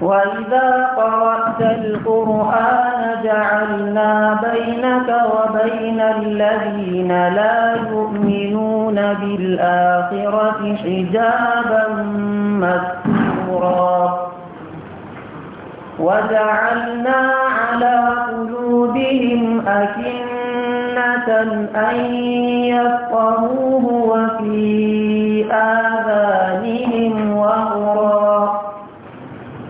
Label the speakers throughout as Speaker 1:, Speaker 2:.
Speaker 1: وإذا قرأت القرآن جعلنا بينك وبين الذين لا يؤمنون بالآخرة حجابا مستورا وجعلنا على قلوبهم أكنا أن يفقهوه وفي آذانهم وغرا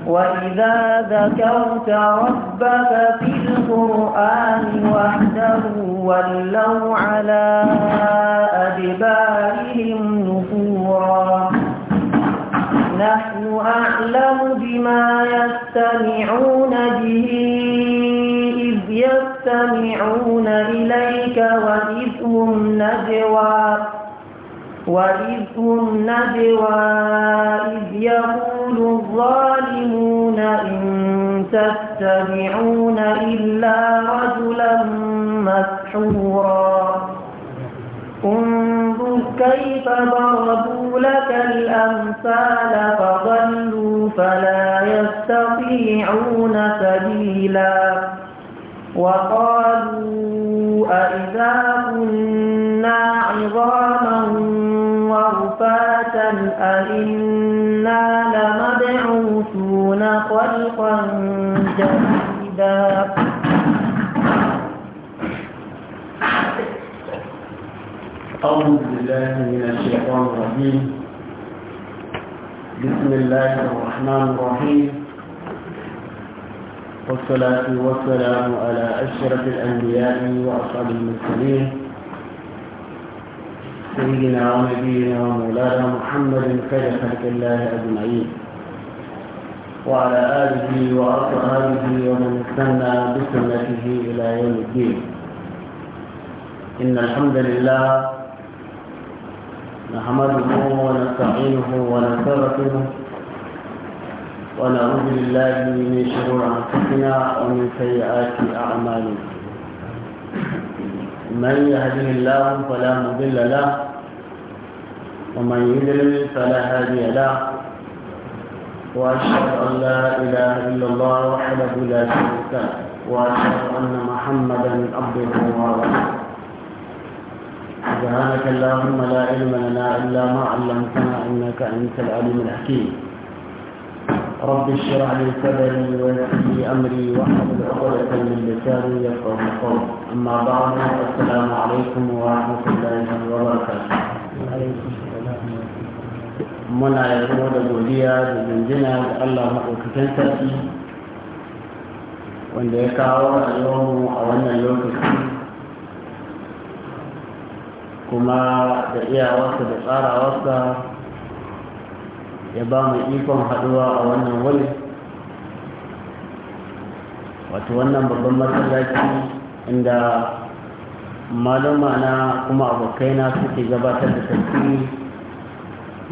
Speaker 1: وإذا ذكرت ربك في القرآن وحده ولوا على أدبارهم نفورا نحن أعلم بما يستمعون به يستمعون إليك وإذ هم نجوى وإذ هم نجوى إذ يقول الظالمون إن تتبعون إلا رجلا مسحورا انظر كيف ضربوا لك الأمثال فضلوا فلا يستطيعون سبيلا وقالوا أئذا كنا عظاما ورفاتا أئنا لمبعوثون خلقا جديدا
Speaker 2: أعوذ بالله من الشيطان الرجيم بسم الله الرحمن الرحيم والصلاة والسلام على أشرف الأنبياء وأصحاب المرسلين سيدنا ونبينا ومولانا محمد خير خلق الله أجمعين وعلى آله وأصحابه ومن استنى بسنته إلى يوم الدين إن الحمد لله نحمده ونستعينه ونستغفره ونعوذ بالله من شرور أنفسنا ومن سيئات أعمالنا من يهده الله فلا مضل له ومن يضلل فلا هادي له وأشهد أن لا إله إلا الله وحده لا شريك له وأشهد أن محمدا عبده ورسوله سبحانك اللهم لا علم لنا إلا ما علمتنا إنك أنت العليم الحكيم رب اشرح لي صدري ويسر لي امري واحفظ عقدة من لساني يفقهوا قولي اما بعد السلام عليكم ورحمه الله وبركاته. منا يرمو دا جوليا دا جنجنا دا الله مقو كتنساتي وان دا يكاو اليوم اوانا اليوم كما دعيه ايا وقت دا قارا ya ba mu ikon haɗuwa a wannan wani wato wannan babban masallaci inda malama na kuma abokaina suke gabatar da tafi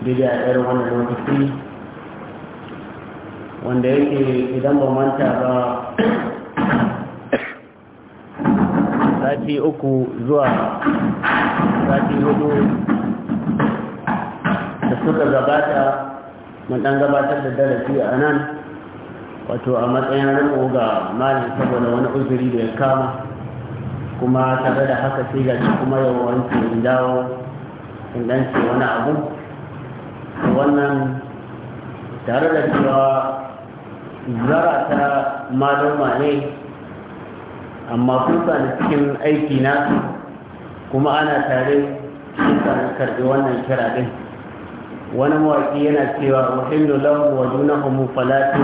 Speaker 2: daidai a irin wannan lokaci wanda yake idan ba manta ba sati uku zuwa sati hudu da suka gabata mun dan gabatar da darasi a nan wato a matsayin riko ga malin saboda wani uzuri da ya kama kuma tare da haka sai ga shi kuma yawancin in dawo in dan ce wani abu wannan tare da cewa zara ta ne amma kun da cikin aiki na kuma ana tare sun karɓi wannan kira din wani mawaƙi yana cewa muhimmi lahum wa junahum falatu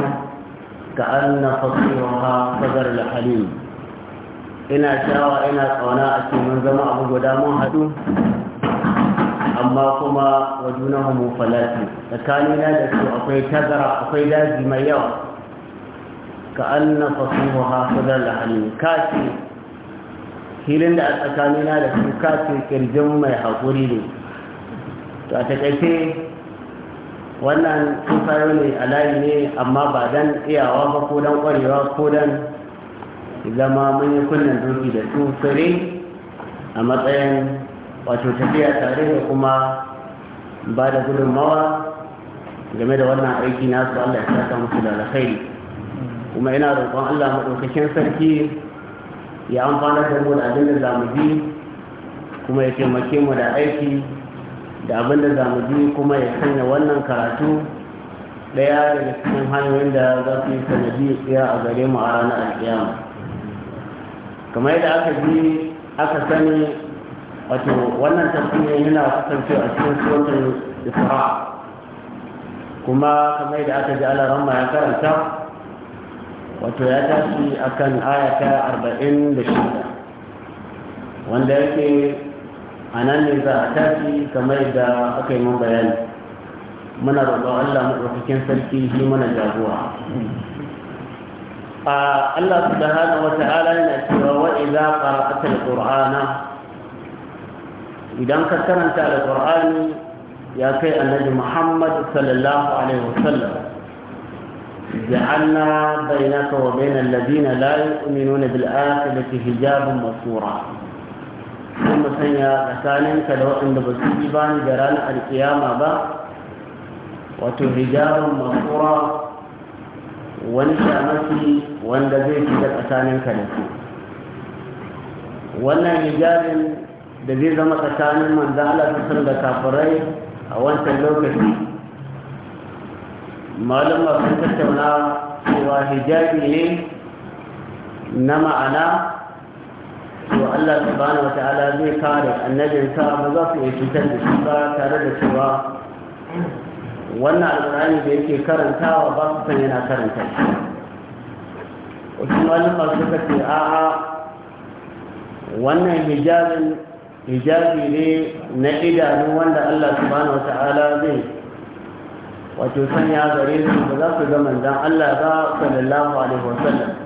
Speaker 2: ka anna fasiruha fazar al-halim ina shawa ina tsawana a ce mun zama abu guda mun haɗu amma kuma wa junahum falatu tsakanina da su akwai tazara akwai daji mai yawa ka anna fasiruha fazar al-halim ka ce filin da a tsakanina da su ka ce kirjin mai haƙuri ne to a taƙaice wannan sun sayo ne a layi ne amma ba dan iyawa ba ko dan kwarewa ko dan zama mun yi kunnen doki da su fure a matsayin wato tafiya tare da kuma ba da gudunmawa game da wannan aiki nasu Allah ya saka musu da alkhairi kuma ina roƙon Allah maɗaukakin sarki ya amfana da mu da abin da zamu bi kuma ya taimake mu da aiki da abinda za mu ji kuma ya sanya wannan karatu daya daga cikin hanyoyin da za su yi sanadi tsaya a gare mu a ranar alkiyama kamar yadda aka aka sani wato wannan tafiya yana kasancewa a cikin suratul isra kuma kamar yadda aka ji Allah ramma ya karanta wato ya tashi akan da 46 wanda yake a nan ne za a tafi kamar da aka yi mun bayani muna roƙon Allah maɗaukakin sarki shi mana jagowa a Allah subhanahu wa ta'ala yana cewa wa idza qara'ata al-qur'ana idan ka karanta al ƙur'ani ya kai annabi Muhammad sallallahu alaihi wasallam جعلنا بينك وبين الذين لا يؤمنون بالآخرة حجابا مستورا sun musanya sanya tsakaninka da waɗanda ba su yi bani da ranar alkiyama ba wato rijarun makura wani shamaki wanda zai shiga tsakaninka da su wannan hijabin da zai zama tsakanin manzan Allah da kafirai a wancan lokaci malum sun tattauna cewa hijabi ne na ma'ana to Allah subhanahu wataala zai kare annabinsa ba za su iya cutar da shi ba tare da cewa wannan alƙur'ani da yake karantawa ba su san yana karanta shi wasu malama suka ce a'a wannan hijabin hijabi ne na idanu wanda Allah subhanahu wataala zai wato sanya gare su ba za su ga manzon Allah ba sallallahu alaihi wasallam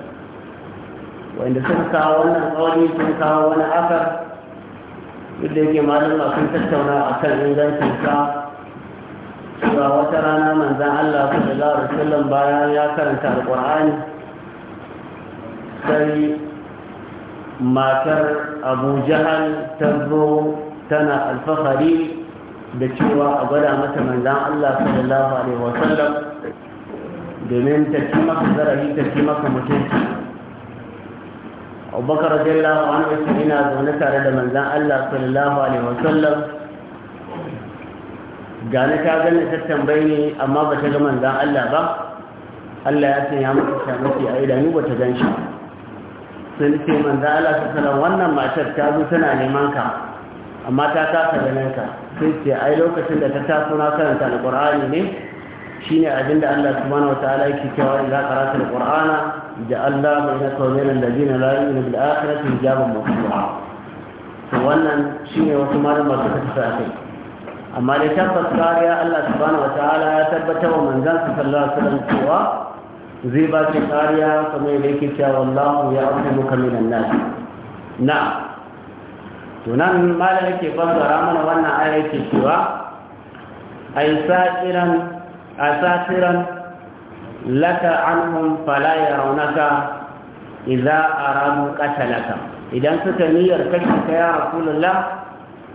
Speaker 2: wanda sun kawo wannan kawai sun kawo wani akar duk da yake malama sun tattauna a kan ingancin sa cewa wata rana manzan Allah sallallahu alaihi wasallam bayan ya karanta Alƙur'ani? sai matar Abu Jahal ta zo tana alfahari da cewa a gwada mata manzan Allah sallallahu alaihi wasallam domin ta ci maka zarafi ta ci maka mutunci abubakar radiyallahu anhu yace ina zaune tare da Manzan Allah sallallahu alaihi wasallam ga ni ta gani ta tambaye ni amma ba ta ga Manzan Allah ba Allah ya mutu mata mafi a idanu ba ta gan shi sun ce manzan Allah sallallahu alaihi wannan matar ta zo tana neman ka amma ta kasa ganin ka Sun ce ai lokacin da ta taso na karanta alqur'ani ne Shi shine abinda Allah subhanahu wataala yake cewa idza qara'ta al-qur'ana ja'alna bainaka wa bainal ladina la yu'minuna bil akhirati hijaban mawqura to wannan shi ne wasu malama suka tafi akai amma da tabbas kariya Allah subhanahu wataala ya tabbatar wa manzon sallallahu alaihi wasallam cewa zai ba ki kariya kamar yake cewa wallahu ya ya'lamuka minan nas na'am to nan malam yake fassara mana wannan ayar yake cewa ai sa'iran أساطرا لك عنهم فلا يرونك إذا أرادوا قتلك إذا أنت نير كشفك يا رسول الله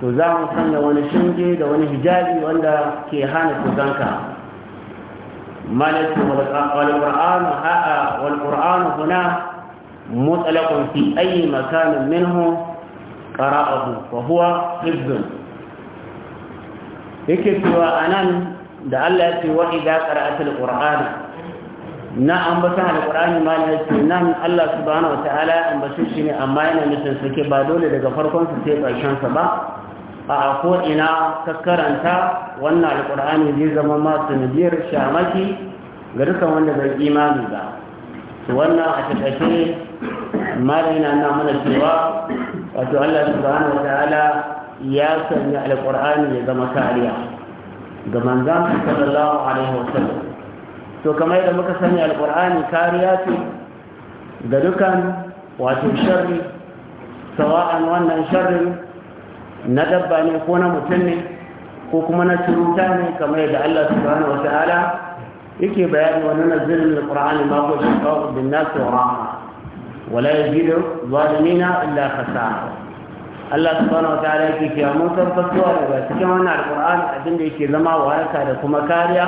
Speaker 2: تزام سنة ونشنجي ونهجالي وأن كيهانة تزنك ملك والقرآن والقرآن هنا مطلق في أي مكان منه قرأه وهو حفظ yake cewa a nan da Allah ya ce wa idza qara'atil qur'ana na ambata alqur'ani ma ne ce nan Allah subhanahu wa ta'ala ya shi ne amma yana nufin sake ba dole daga farkon sa sai karshen sa ba a ko ina ka karanta wannan alqur'ani zai zama ma sanadiyar shamaki ga dukkan wanda bai imani ba wannan a takaice mala na nuna mana cewa wato Allah subhanahu wa ta'ala ya sanya alqur'ani ya zama kariya ga manzan sallallahu alaihi wasallam to kamar yadda muka sani alqur'ani kariya ce ga dukan wato sharri sawa'an wannan sharrin na dabba ne ko na mutum ne ko kuma na cuta ne kamar yadda Allah subhanahu wata'ala yake bayani wani nunazzilu alqur'ani ma huwa shifaa'un lin-nas wa rahma wa la yazidu illa khasara Allah subhanahu wa ta'ala yake cewa mun tabbatarwa daga cikin wannan alqur'ani abin da yake zama waraka da kuma kariya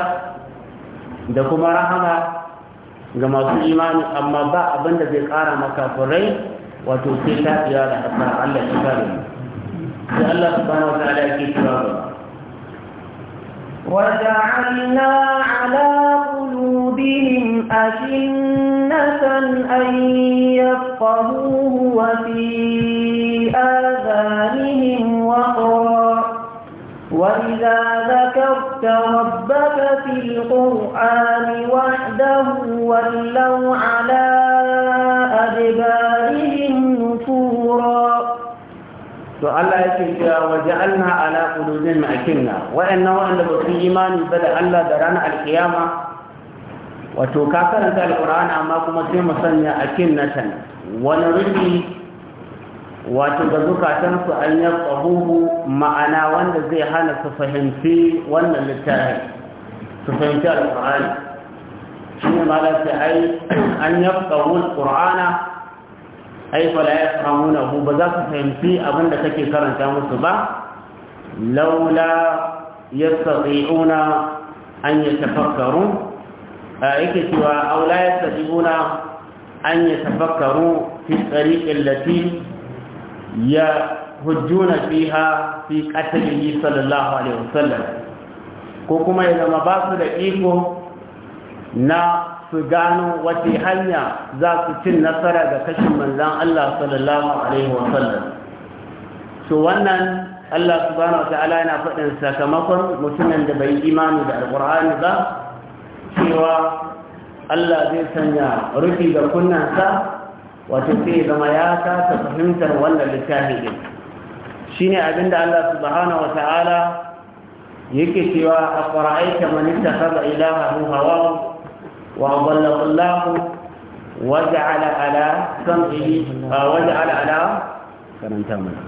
Speaker 2: da kuma rahama ga masu imani amma ba abin da zai kara maka furai wato sai ta tsaya da hasara Allah ya kare mu sai Allah subhanahu wa ta'ala yake cewa
Speaker 1: وجعلنا على قلوبهم ربهم أجنة أن يفقهوه وفي آذانهم وقرا وإذا ذكرت ربك في القرآن وحده ولوا على أدبارهم نفورا
Speaker 2: to Allah ya ce cewa waje alna ala qulubin ma'akinna wa'annan wa'anda ba su imani ba da Allah da ranar alkiyama wato ka karanta alkur'ani amma kuma sai mu sanya a kin natan wani rubi wato da ga zukatansu an ya tsahuhu ma'ana wanda zai hana su fahimci wannan littafi su fahimci alkur'ani shi ne ma lafi ai an ya tsahuhu alqur'ana ai fala ya samu hu ba za su fahimci abin da kake karanta musu ba laula yastati'una an yatafakkaru yake cewa aula ya tsibuna an ya tafakkaru fi tsariƙin lati ya hujjuna fiha fi qatlihi sallallahu alaihi wasallam ko kuma ya zama ba su da iko na su gano wace hanya za su cin nasara ga kashin manzan Allah sallallahu alaihi wasallam to wannan Allah subhanahu wa ta'ala yana faɗin sakamakon mutumin da bai imani da alqur'ani ba cewa Allah zai sanya rufi da kunnansa wato sai zama ya kasa fahimtar wannan littafi din shine abinda Allah subhanahu wata'ala yake cewa aqra'aita man ittakhadha ilahahu hawahu wa adallahu Allah waja'ala ala sam'ihi waja'ala ala karanta mana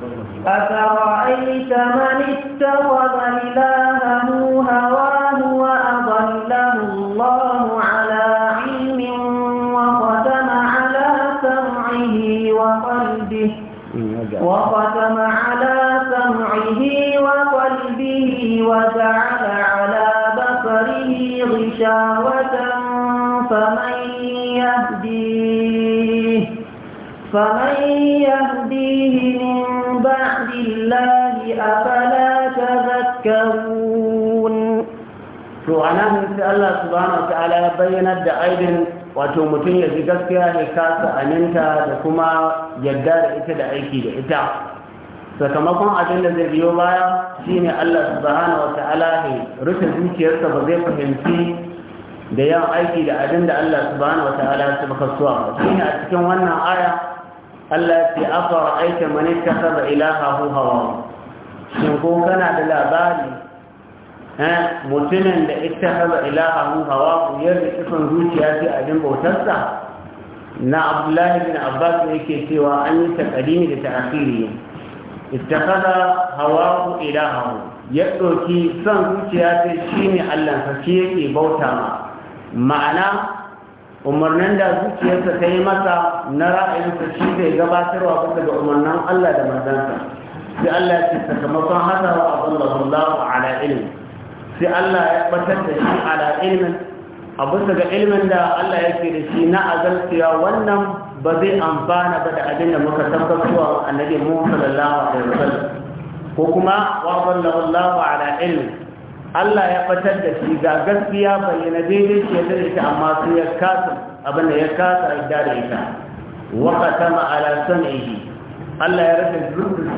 Speaker 1: أفرأيت من اتخذ إلهه هواه وأضله الله على علم وختم على سمعه وقلبه وختم على سمعه وقلبه وجعل على بصره غشاوة فمن يهديه فمن يهديه من بعد الله أفلا
Speaker 2: تذكرون to anan sai Allah subhanahu ya bayyanar da aibin wato mutum ya ji gaskiya ya kasa aminta da kuma yadda da ita da aiki da ita sakamakon abin da zai biyo baya shine Allah subhanahu wataala rufe zuciyarsa ba zai fahimci da yawan aiki da abin da Allah subhanahu wa ta'ala ya saba kasuwa shine a cikin wannan aya Allah ce afara aita mani ta ilahahu hawa shin ko kana da labari mutumin da ita saba ilahahu hawa ku yarda kisan zuciya ce abin bautarsa na abdullahi bin abbas yake cewa an yi takalimi da ta'akiri ittakhadha hawahu ilahahu ya ɗauki son zuciya ce shine Allah sa yake bauta ma'ana umarnin da zuciyarsa ta yi masa na ra'ayinsa shi zai gabatarwa bisa ga umarnin Allah da manzansa sai Allah ya ce sakamakon haka wa abullahu ala ilm sai Allah ya batar da shi ala ilmin a bisa ga ilmin da Allah ya ke da shi na azalciya wannan ba zai amfana ba da abin da muka tabbatarwa annabi Muhammad sallallahu alaihi wasallam ko kuma wa abullahu ala ilm Allah ya batar da shi ga gaskiya bayyana daidai ce da shi amma sun ya kasa abin da ya kasa yadda da ita wa qatama ala sam'ihi Allah ya rasa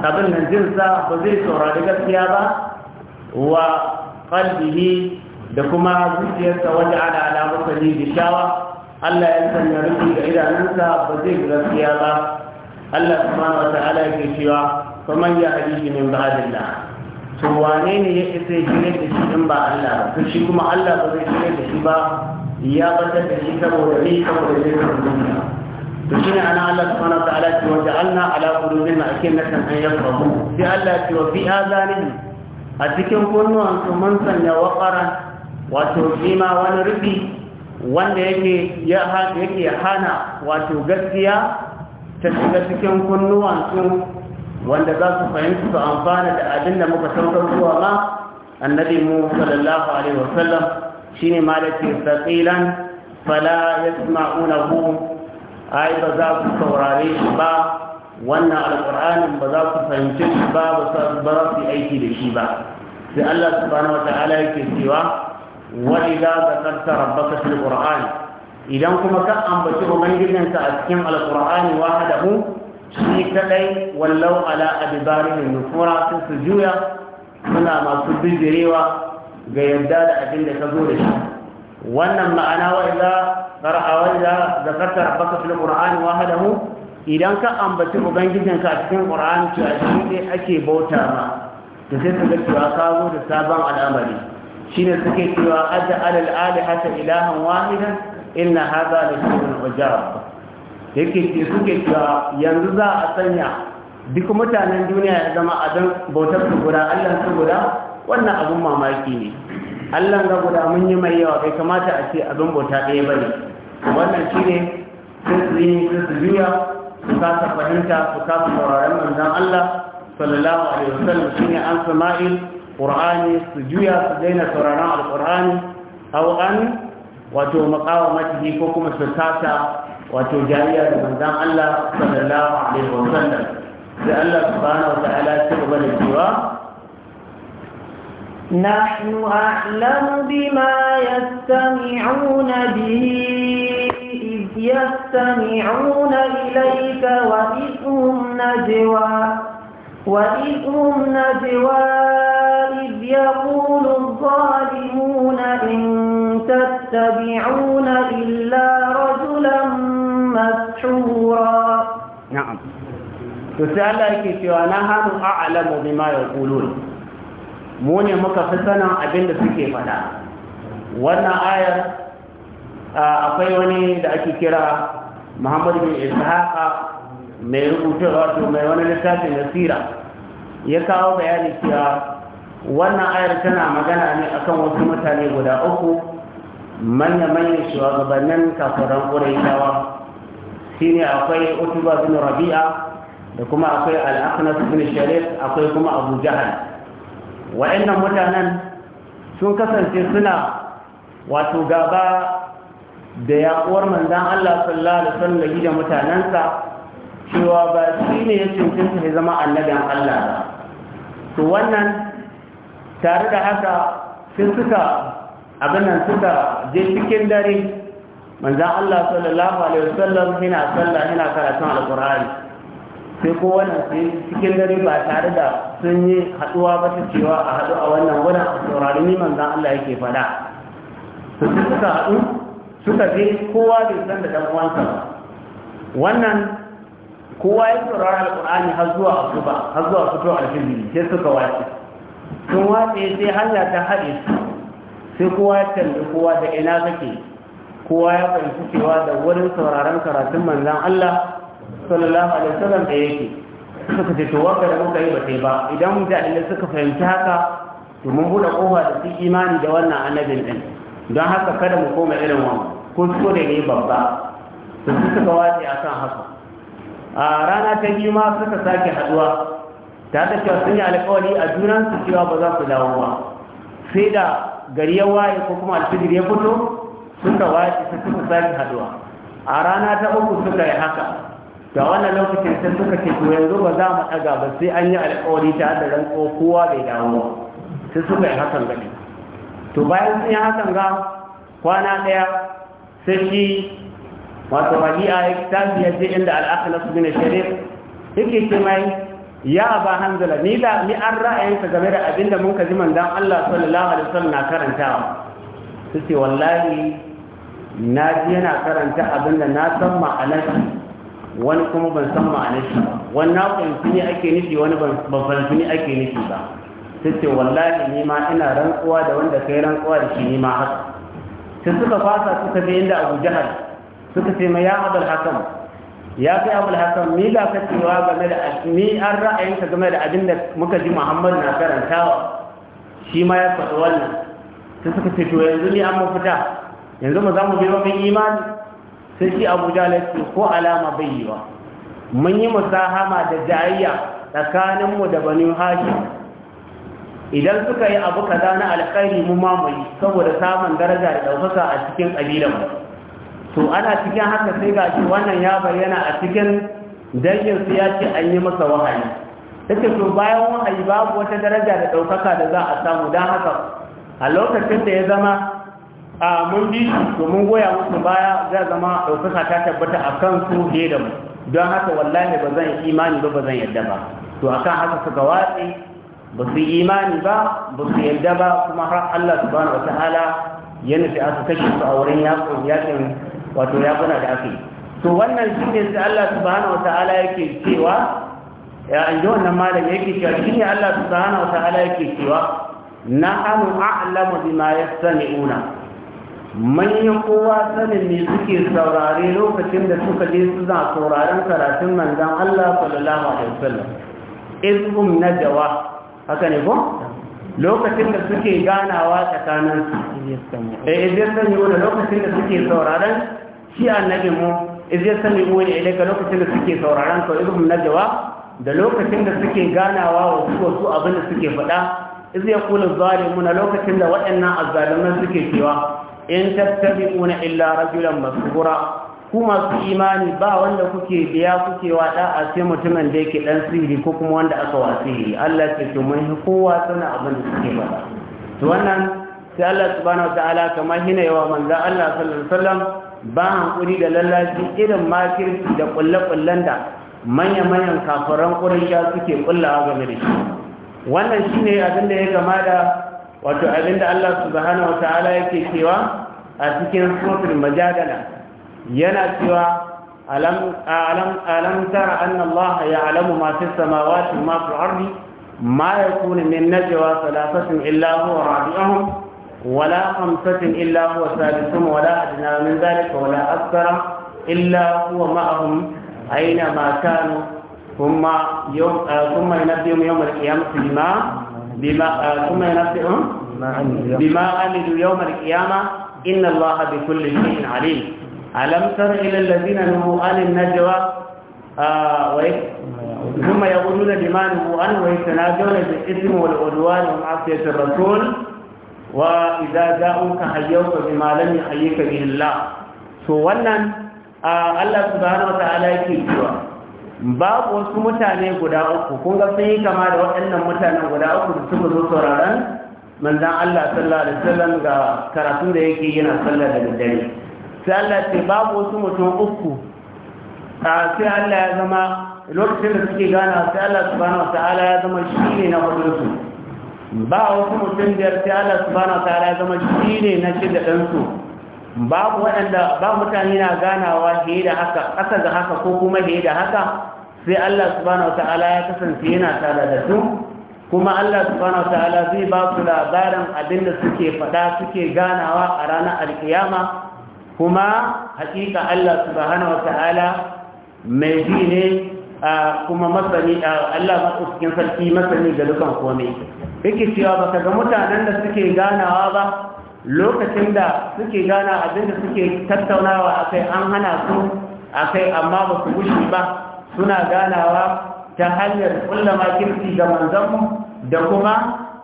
Speaker 2: abin nan jinsa ba zai saurari gaskiya ba wa qalbihi da kuma zuciyarsa wajen ala ala musali da shawa Allah ya sanya rufi ga idanunsa ba zai gaskiya ba Allah subhanahu wa ta'ala yake cewa kuma ya hadishi min ba'dillah to wane ne ya isa ya shirya da shi in ba Allah ba to shi kuma Allah ba zai shirya da shi ba ya batar da shi saboda ni saboda zai kan duniya to shi ne ana Allah subhanahu wa ta'ala ce wa Allah ala qulubihim akinatan an yafqahu sai Allah ce wa fi azanihim a cikin kunnuwan su mun sanya waqara wato shi ma wani rufi wanda yake ya hana wato gaskiya ta shiga cikin kunnuwan su wanda za su fahimci su amfana da abin da muka saukar zuwa ma annabi mu sallallahu alaihi wasallam shine malaki tsaqilan fala yasma'unahu ai ba za ku saurare shi ba wannan Alƙur'ani ba za ku fahimci shi ba ba za su aiki da shi ba sai Allah subhanahu wata'ala yake cewa wa idza zakarta rabbaka fil qur'an idan kuma ka ambaci ubangijinka a cikin alqur'ani wahdahu shi kadai wallau ala adibarin nufura sun su juya suna masu bijirewa ga yadda da abin da ka zo da shi wannan ma'ana wa idza qara'a wa idza zakarta rabbaka fil qur'ani wahdahu idan ka ambaci ubangijin ka cikin qur'ani to a shi ne ake bauta ma to sai ka ga cewa ka zo da sabon al'amari shine suke cewa aja'al al-alihata ilahan wahidan inna hadha la shay'un ujab yake ke suke cewa yanzu za a sanya duk mutanen duniya ya zama a don bautar su guda allah su guda wannan abin mamaki ne allah ga guda mun yi mai yawa bai kamata a ce abin bauta ɗaya ba ne wannan shi ne sun su yi su juya su kasa fahimta su kasa sauraron manzan allah sallallahu alaihi wasallam shine an sama'il qur'ani su juya su daina sauraron alqur'ani aw an wato mace ko kuma su kasa wato jariya da manzan Allah sallallahu alaihi wa sallam sai Allah subhanahu wa ta'ala ya ci da cewa
Speaker 1: نحن أعلم بما يستمعون به إذ يستمعون إليك وإذ هم نجوى وإذ هم نجوى إذ يقول الظالمون إن تتبعون إلا رجلا مسحورا نعم
Speaker 2: تسألك نحن أعلم بما يقولون mu ne muka fi sanin abin da suke faɗa wannan ayar akwai wani da ake kira muhammad bin ishaqa mai rubutarwa to mai wani littafin nasira ya kawo bayani cewa wannan ayar tana magana ne akan wasu mutane guda uku manya-manyan shugabannin kafiran ƙuraitawa shi ne akwai utuba bin rabi'a da kuma akwai al'aknas bin sharif akwai kuma abu jahal wa'annan mutanen sun kasance suna wato gaba da yauwar manzan allah sallallahu alaihi da mutanensa cewa ba shi ne ya mutum ya zama annabin Allah ba to wannan tare da haka sun suka abin nan suka je cikin dare manzan Allah sallallahu alaihi wasallam yana sallah yana karatun alkur'ani sai ko wannan sai cikin dare ba tare da sun yi haduwa ba ta cewa a hadu a wannan wannan a saurari ni manzan Allah yake faɗa su suka haɗu suka je kowa bai san da ɗan uwansa ba wannan kowa ya saurari alƙur'ani har zuwa asuba har zuwa fito alfijiri sai suka wace sun wace sai hanya ta haɗe su sai kowa ya tambayi kowa da ina kake kowa ya fahimci cewa da wurin sauraron karatun manzan Allah sallallahu alaihi wasallam da yake suka ce to waka da muka yi ba sai ba idan mutane suka fahimci haka to mun buɗe kofa da su imani da wannan annabin ɗin. don haka kada mu koma irin wannan ko su da ne babba to suka wace akan haka a rana ta biyu ma suka sake haduwa ta ta cewa sun yi alkawari a junan su cewa ba za su dawo ba sai da gari ya waye ko kuma alfijir ya fito suka waye su suka sake haduwa a rana ta uku suka yi haka da wannan lokacin sai suka ce to yanzu ba za mu daga ba sai an yi alkawari ta da ran kowa bai dawo sai suka yi hakan gani to bayan sun yi hakan ga kwana ɗaya sai shi wato rabi'a ya tafiya ya je inda al-akhlas bin sharif yake ce mai ya ba hanzala ni da ni an ra'ayinka game da abinda mun ka ji manzon Allah sallallahu alaihi wasallam na karantawa sai wallahi na ji yana karanta abinda na san ma'anar wani kuma ban san ma'anar shi ba wannan fahimci ne ake nufi wani ban fahimci ne ake nufi ba sai wallahi ni ma ina rantsuwa da wanda kai rantsuwa da shi ni ma haka sai suka fasa suka je inda Abu Jahal suka ce mai ya abul hakan ya kai abul hakan mi ka cewa game da mi an ra'ayinka game da abin da muka ji muhammad na karantawa shi ma ya faɗi wannan sai suka ce to yanzu ni an mafita yanzu mu za mu biyo min imani sai shi abu ce ko alama bai yi ba mun yi musahama da jayayya tsakaninmu da bani hashim idan suka yi abu kaza na alkhairi mu mamaye saboda samun daraja da ɗaukaka a cikin ƙabilan mu to ana cikin haka sai ga shi wannan ya bayyana a cikin danginsu ya ce an yi masa wahayi take to bayan wahayi babu wata daraja da ɗaukaka da za a samu don haka a lokacin da ya zama a mun bi to mun goya musu baya zai zama ɗaukaka ta tabbata a kan su da mu don haka wallahi ba zan imani ba ba zan yadda ba to akan haka suka watsi ba su imani ba ba su yadda ba kuma har Allah subhanahu wataala ya nufi aka kashe su a wurin yakin wato ya yakuna da ake yi to wannan shi ne sai Allah subhanahu wataala yake cewa ya an ji wannan malam yake cewa shi ne Allah subhanahu wataala yake cewa nahnu a'lamu bima yastami'una man yi kowa sanin me suke saurare lokacin da suka je su suna sauraren karatun manzon Allah sallallahu alaihi wasallam izhum najwa haka ne ko lokacin da suke ganawa tsakanin da iziyar sami wani lokacin da suke sauraron shi annabi mu iziyar sami wani ilaika lokacin da suke sauraron sau na najawa da lokacin da suke ganawa wasu wasu abin da suke faɗa iziyar kula zalimu na lokacin da waɗannan azzaluman suke cewa in tattabi una illa rajulan masura ku masu imani ba wanda kuke biya kuke wa a sai mutumin da yake dan sihiri ko kuma wanda aka wa sihiri Allah ya ce mun kowa sana abin da suke ba to wannan sai Allah subhanahu wataala kamar hina yawa manzo Allah sallallahu alaihi wasallam ba hankuri da lallaci irin makirci da kullakullan da manya-manyan kafaran ƙurisha suke kullawa game da shi wannan shine abin da ya gama da wato abin da Allah subhanahu wataala yake cewa a cikin suratul majadala yana cewa alam alam tara anna ya alamu masu fi samawati ma fi ardi ma yakunu min najwa thalathatin illa huwa rabi'uhum wala khamsatin illa huwa sadisuhum wala adna min dhalika wala akthara illa huwa ma'ahum aina ma kanu thumma yawm ah, thumma yanabbihum yawm al-qiyamati bima bima ah, thumma yanabbihum bima amilu yawm al-qiyamah inna Allah bi kulli shay'in alim alam tara ila allazina nuhu anin najwa هم يقولون بما نهوا عنه ويتناجون والعدوان ومعصيه الرسول واذا جاءوك حيوك بما لم يحييك به الله سو wannan Allah subhanahu wataala yake cewa babu wasu mutane guda uku kun ga kama da waɗannan mutanen guda uku da suka zo sauraron manzon Allah sallallahu alaihi ga da yake yana sallah da daddare sai Allah ce babu wasu mutum uku a sai Allah ya zama lokacin da suke gana sai Allah subhanahu wataala ya zama shi ne na hudunsu ba wasu mutum biyar sai Allah subhanahu wataala ya zama shi ne na shida ɗansu babu waɗanda ba mutane na ganawa fiye da haka ƙasa da haka ko kuma fiye da haka sai Allah subhanahu wataala ya kasance yana tare da su kuma Allah subhanahu wataala zai ba su labarin abin da suke faɗa suke ganawa a ranar alkiyama kuma haƙiƙa Allah subhanahu wata'ala mai bi ne kuma masani Allah matsukin sarki masani ga dukan komai yake cewa baka ga mutanen da suke ganawa ba lokacin da suke gana abinda suke tattaunawa akai an hana su akai amma ba su gushi ba suna ganawa ta hanyar ƙulla makirki ga manzanmu da kuma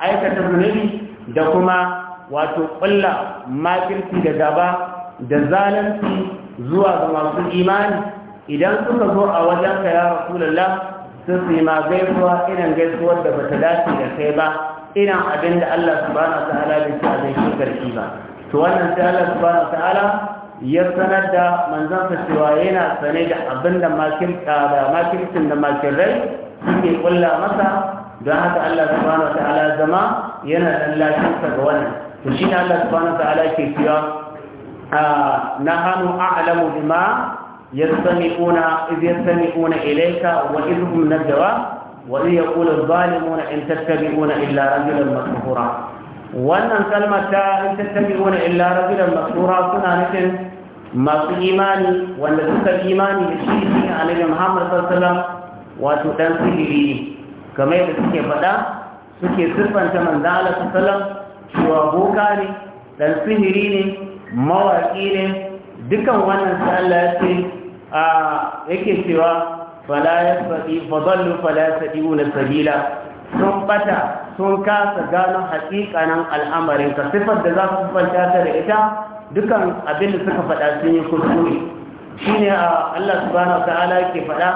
Speaker 2: aikata zunubi da kuma wato kulla makirki da gaba da zalunci zuwa ga masu imani idan suka zo a wajen ka ya rasulullah sun su ma gaisuwa irin gaisuwar da bata dace da kai ba irin abin da Allah subhanahu wataala bai ci a zai shi karfi ba to wannan sai Allah subhanahu wataala ya sanar da manzansa cewa yana sane da abin da makircin da makin makirai suke kulla masa don haka Allah subhanahu wa ta'ala zama yana dan lafiyarsa ga wannan to shi ne Allah subhanahu wa ta'ala ke cewa nahanu a'lamu bima yastami'una idh yastami'una ilayka wa idh hum najwa wa idh yaqulu adh-dhalimuna in tattabi'una illa rajulan masfura wannan kalmar ta in tattabi'una illa rajulan masfura suna nufin masu imani wanda suka imani da shi ne annabi Muhammad sallallahu alaihi wasallam wato dan sihiri kamar yadda suke faɗa suke siffanta manzo Allah sallallahu alaihi wasallam cewa boka ne dan sihiri ne mawaƙi ne dukan wannan Allah ce a yake cewa fala ya fadallu wuna sabila sun bata sun kasa gano haƙiƙanin al'amarin ka sifar da za su fanta ta da ita dukan abin da suka faɗa sun yi kuskure shine a Allah subhanahu ta'ala Ke faɗa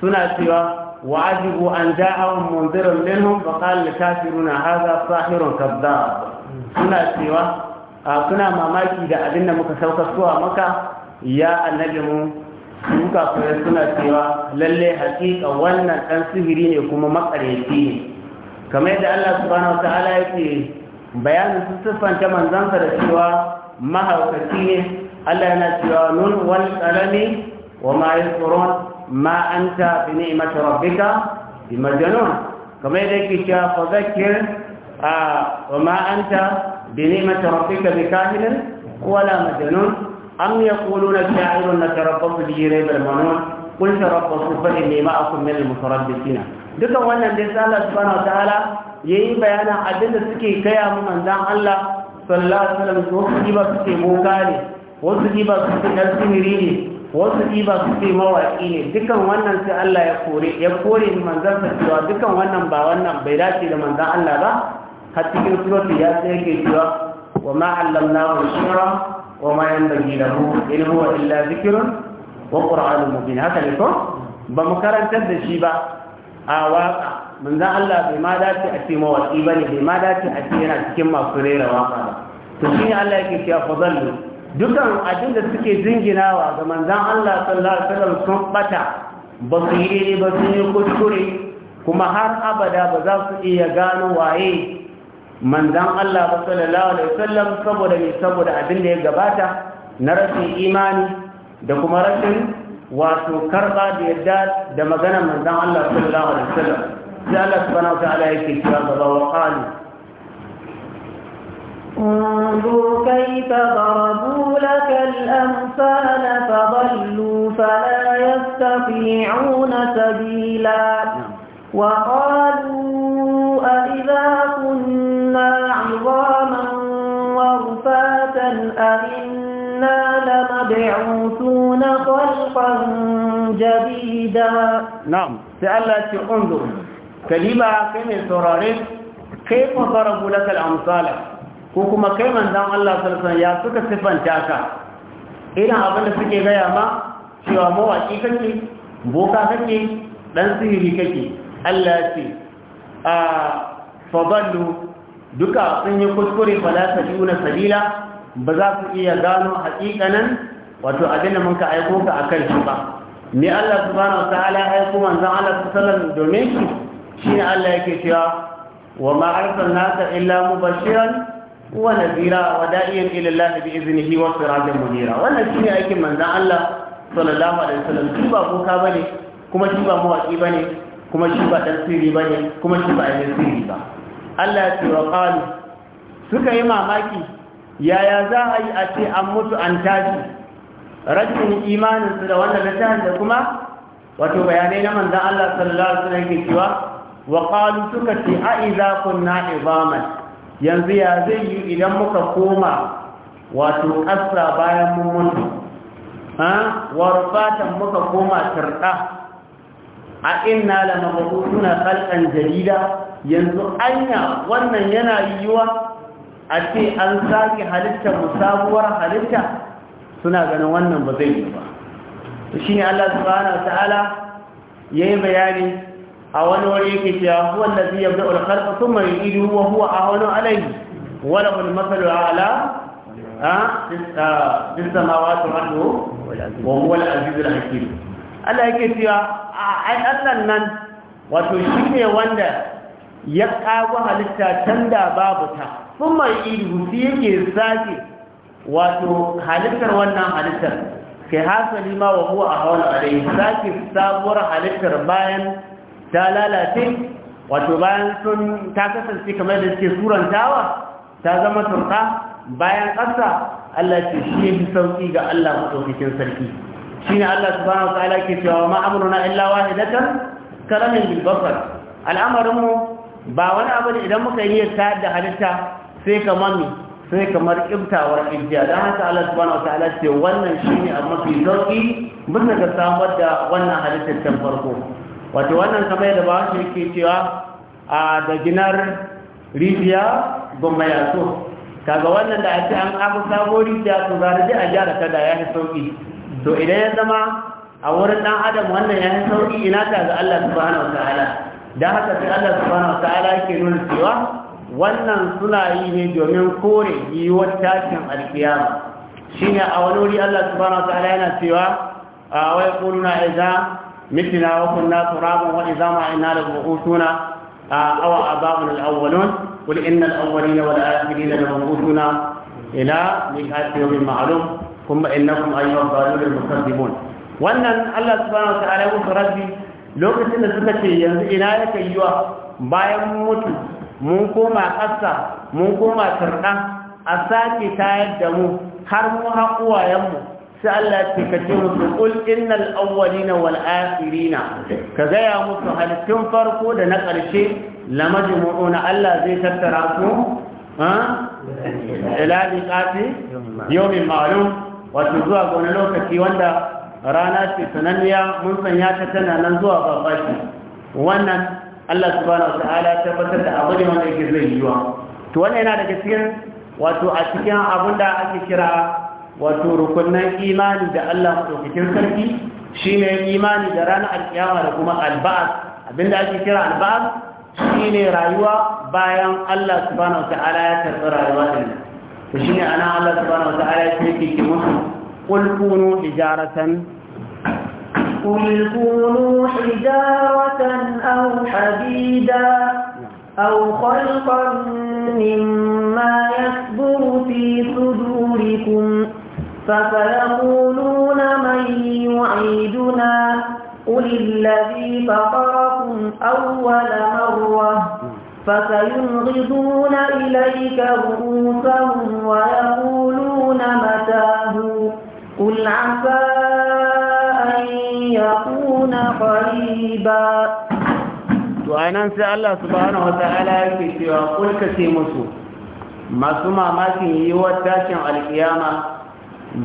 Speaker 2: suna cewa wa'ajibu an da'awun munzirun minhum fa qala al-kafiruna hadha sahirun kadhab suna cewa suna mamaki da abin da muka sauka suwa maka ya annabi mu duka kafirai suna cewa lalle hakika wannan dan sihiri ne kuma makareci ne kamar yadda Allah subhanahu wataala yake bayanin su siffanta manzansa da cewa mahaukaci ne Allah yana cewa nun wal qalami wa ma yasrun ma anta bi ni'mati rabbika bi majnun kamar yadda yake cewa fadhakkir wa ma anta بنعمة ربك بكاهن ولا مجنون أم يقولون شاعر نتربص به ريب المنون قل تربصوا فإني معكم من المتربصين dukan wannan dai sai Allah subhanahu wataala yayi bayanin abin da suke kaya mu manzon Allah sallallahu alaihi wasallam wasu diba suke boka ne wasu diba suke dan sihiri ne wasu diba suke mawaki ne dukan wannan sai Allah ya kore ya kore manzon sa cewa dukan wannan ba wannan bai dace da manzon Allah ba har cikin suratu ya sai yake cewa wa ma allamnahu shi'ra wa ma yanbaghi lahu in huwa illa dhikrun wa qur'anun mubin haka ne ko ba mu karantar da shi ba a waka manzon Allah bai ma dace a ce mawaki bane bai ma dace a ce yana cikin masu rera waka ba to shine Allah yake cewa fadallu dukan abin da suke jinginawa ga manzon Allah sallallahu alaihi wasallam sun bata ba su yi ba su yi kuskure kuma har abada ba za su iya gano waye manzan Allah ba sallallahu alaihi wasallam saboda ne saboda abin da ya gabata na rashin imani da kuma rashin wato karba da yadda da maganar manzan Allah sallallahu alaihi wasallam sai Allah subhanahu wa ta'ala yake cewa gaba wa qalu
Speaker 1: انظر كيف ضربوا لك الأمثال فضلوا فلا يستطيعون سبيلا وقالوا أَإِذَا كُنَّا عِظَامًا وَرُفَاتًا أَإِنَّا لَمَبْعُوثُونَ خَلْقًا جَدِيدًا
Speaker 2: نعم سألت انظر كلمة كلمة سرارين كيف ضربوا لك الأمثال وكما كيف أنزام الله صلى الله عليه وسلم يا سكة صفا تاكا ina abin da suke gaya ma cewa mawaƙi kake boka kake ɗan sihiri kake Allah ce a fadallu duka sun yi kuskure ba za su sabila ba za su iya gano haƙiƙanan wato abin da muka aiko ka a kan shi ba ni Allah subhanahu ta'ala aiko manzon Allah sallallahu domin shi shine Allah yake cewa wa ma arsalnaka illa mubashiran wa nadira wa da'iyan ila Allah bi iznihi wa sirajan munira wannan shine aikin manzon Allah sallallahu alaihi wasallam shi ba boka bane kuma shi ba mawaki bane kuma shi ba ɗan sirri ba ne kuma shi ba ainihin sirri ba Allah ya tura ƙalu suka yi mamaki yaya za a yi a ce an mutu an tashi imanin su da wannan littafin da kuma wato bayanai na manzan Allah sallallahu alaihi wasallam yake cewa wa qalu suka ce a idza kunna izaman yanzu ya zai yi idan muka koma wato ƙasa bayan mun mutu ha warfatan muka koma tarda a inna la suna khalqan jarida, yanzu anya wannan yana yiwuwa a ce an sake halitta musabuwar halitta suna ganin wannan ba zai yi ba to shine Allah subhanahu ya yi bayani a wani wuri yake cewa huwa allazi yabda'u al-khalqa thumma yu'iduhu wa huwa ahwanu alayhi wani lahu al-mathalu a'la ha bis ah, samawati wal ardi wa huwa al-azizul hakim Allah yake cewa ai Allah nan wato shine wanda ya kago halitta tanda da babu ta mai ihu shi yake sake wato halittar wannan halittar kai hasali ma wa huwa ahwal alayhi sake sabuwar halittar bayan ta lalace wato bayan sun ta kasance kamar da suke surantawa ta zama turka bayan ƙasa Allah ce shi ya sauƙi ga Allah maɗaukakin sarki shine Allah subhanahu wa ta'ala ke cewa ma amruna illa wahidatan kalamin bil basar ba wani abu ne idan muka yi ta da halitta sai kamar mu sai kamar kimtawar ijiya dan haka Allah subhanahu wa ta'ala ce wannan shine a mafi sauki bisa ga samar da wannan halittar ta farko wato wannan kamar da ba shi yake cewa a da ginar rijiya goma ya so kaga wannan da ake an abu sabo rijiya su zara a gyara ta da ya fi sauki to idan ya zama a wurin dan adam wannan yayin sauki ina ta ga Allah subhanahu wataala dan haka sai Allah subhanahu wataala yake nuna cewa wannan suna yi ne domin kore yiwuwar tashin alkiyama shine a wani wuri Allah subhanahu wataala yana cewa wa yaquluna idza mitna wa kunna turaban wa idza ma inna la bu'utuna aw aba'una al-awwalun qul innal awwalina wal akhirina la bu'utuna ila miqati yawmin ma'lum kuma innakum ayyuhal zalimun mukadzibun wannan Allah subhanahu wa ta'ala ya rabbi lokacin da suka ce yanzu ina ya yiwa bayan mutu mun koma ƙasa mun koma tarɗa a sake tayar da mu har mu haƙuwayenmu sai Allah ce ka ce musu ƙul innal awwalina wal akhirina ka gaya musu halittun farko da na ƙarshe lamajmu'una Allah zai tattara ku ila liqati yawmin ma'lum wato zuwa ga wani lokaci wanda rana ce sananniya mun sanya ta tana nan zuwa babashi wannan Allah subhanahu wataala tabbatar da abu ne wanda yake zai yiwa to wannan yana daga cikin wato a cikin abun da ake kira wato rukunnan imani da Allah madaukakin sarki ne imani da ranar alkiyama da kuma alba'ad abinda ake kira shi ne rayuwa bayan Allah subhanahu wataala ya karɓi rayuwa din to أنا الله سبحانه وتعالى يسميك ya قل كونوا حجارة
Speaker 1: قل كونوا حجارة أو حديدا أو خلقا مما يكبر في صدوركم فسيقولون من يعيدنا قل الذي فقركم أول مرة فسينغضون إليك رؤوسهم ويقولون متاه قل عسى أن يكون قريبا
Speaker 2: وأنا sai Allah subhanahu wa ta'ala yake cewa kul kace musu masu mamakin yiwuwar tashin alkiyama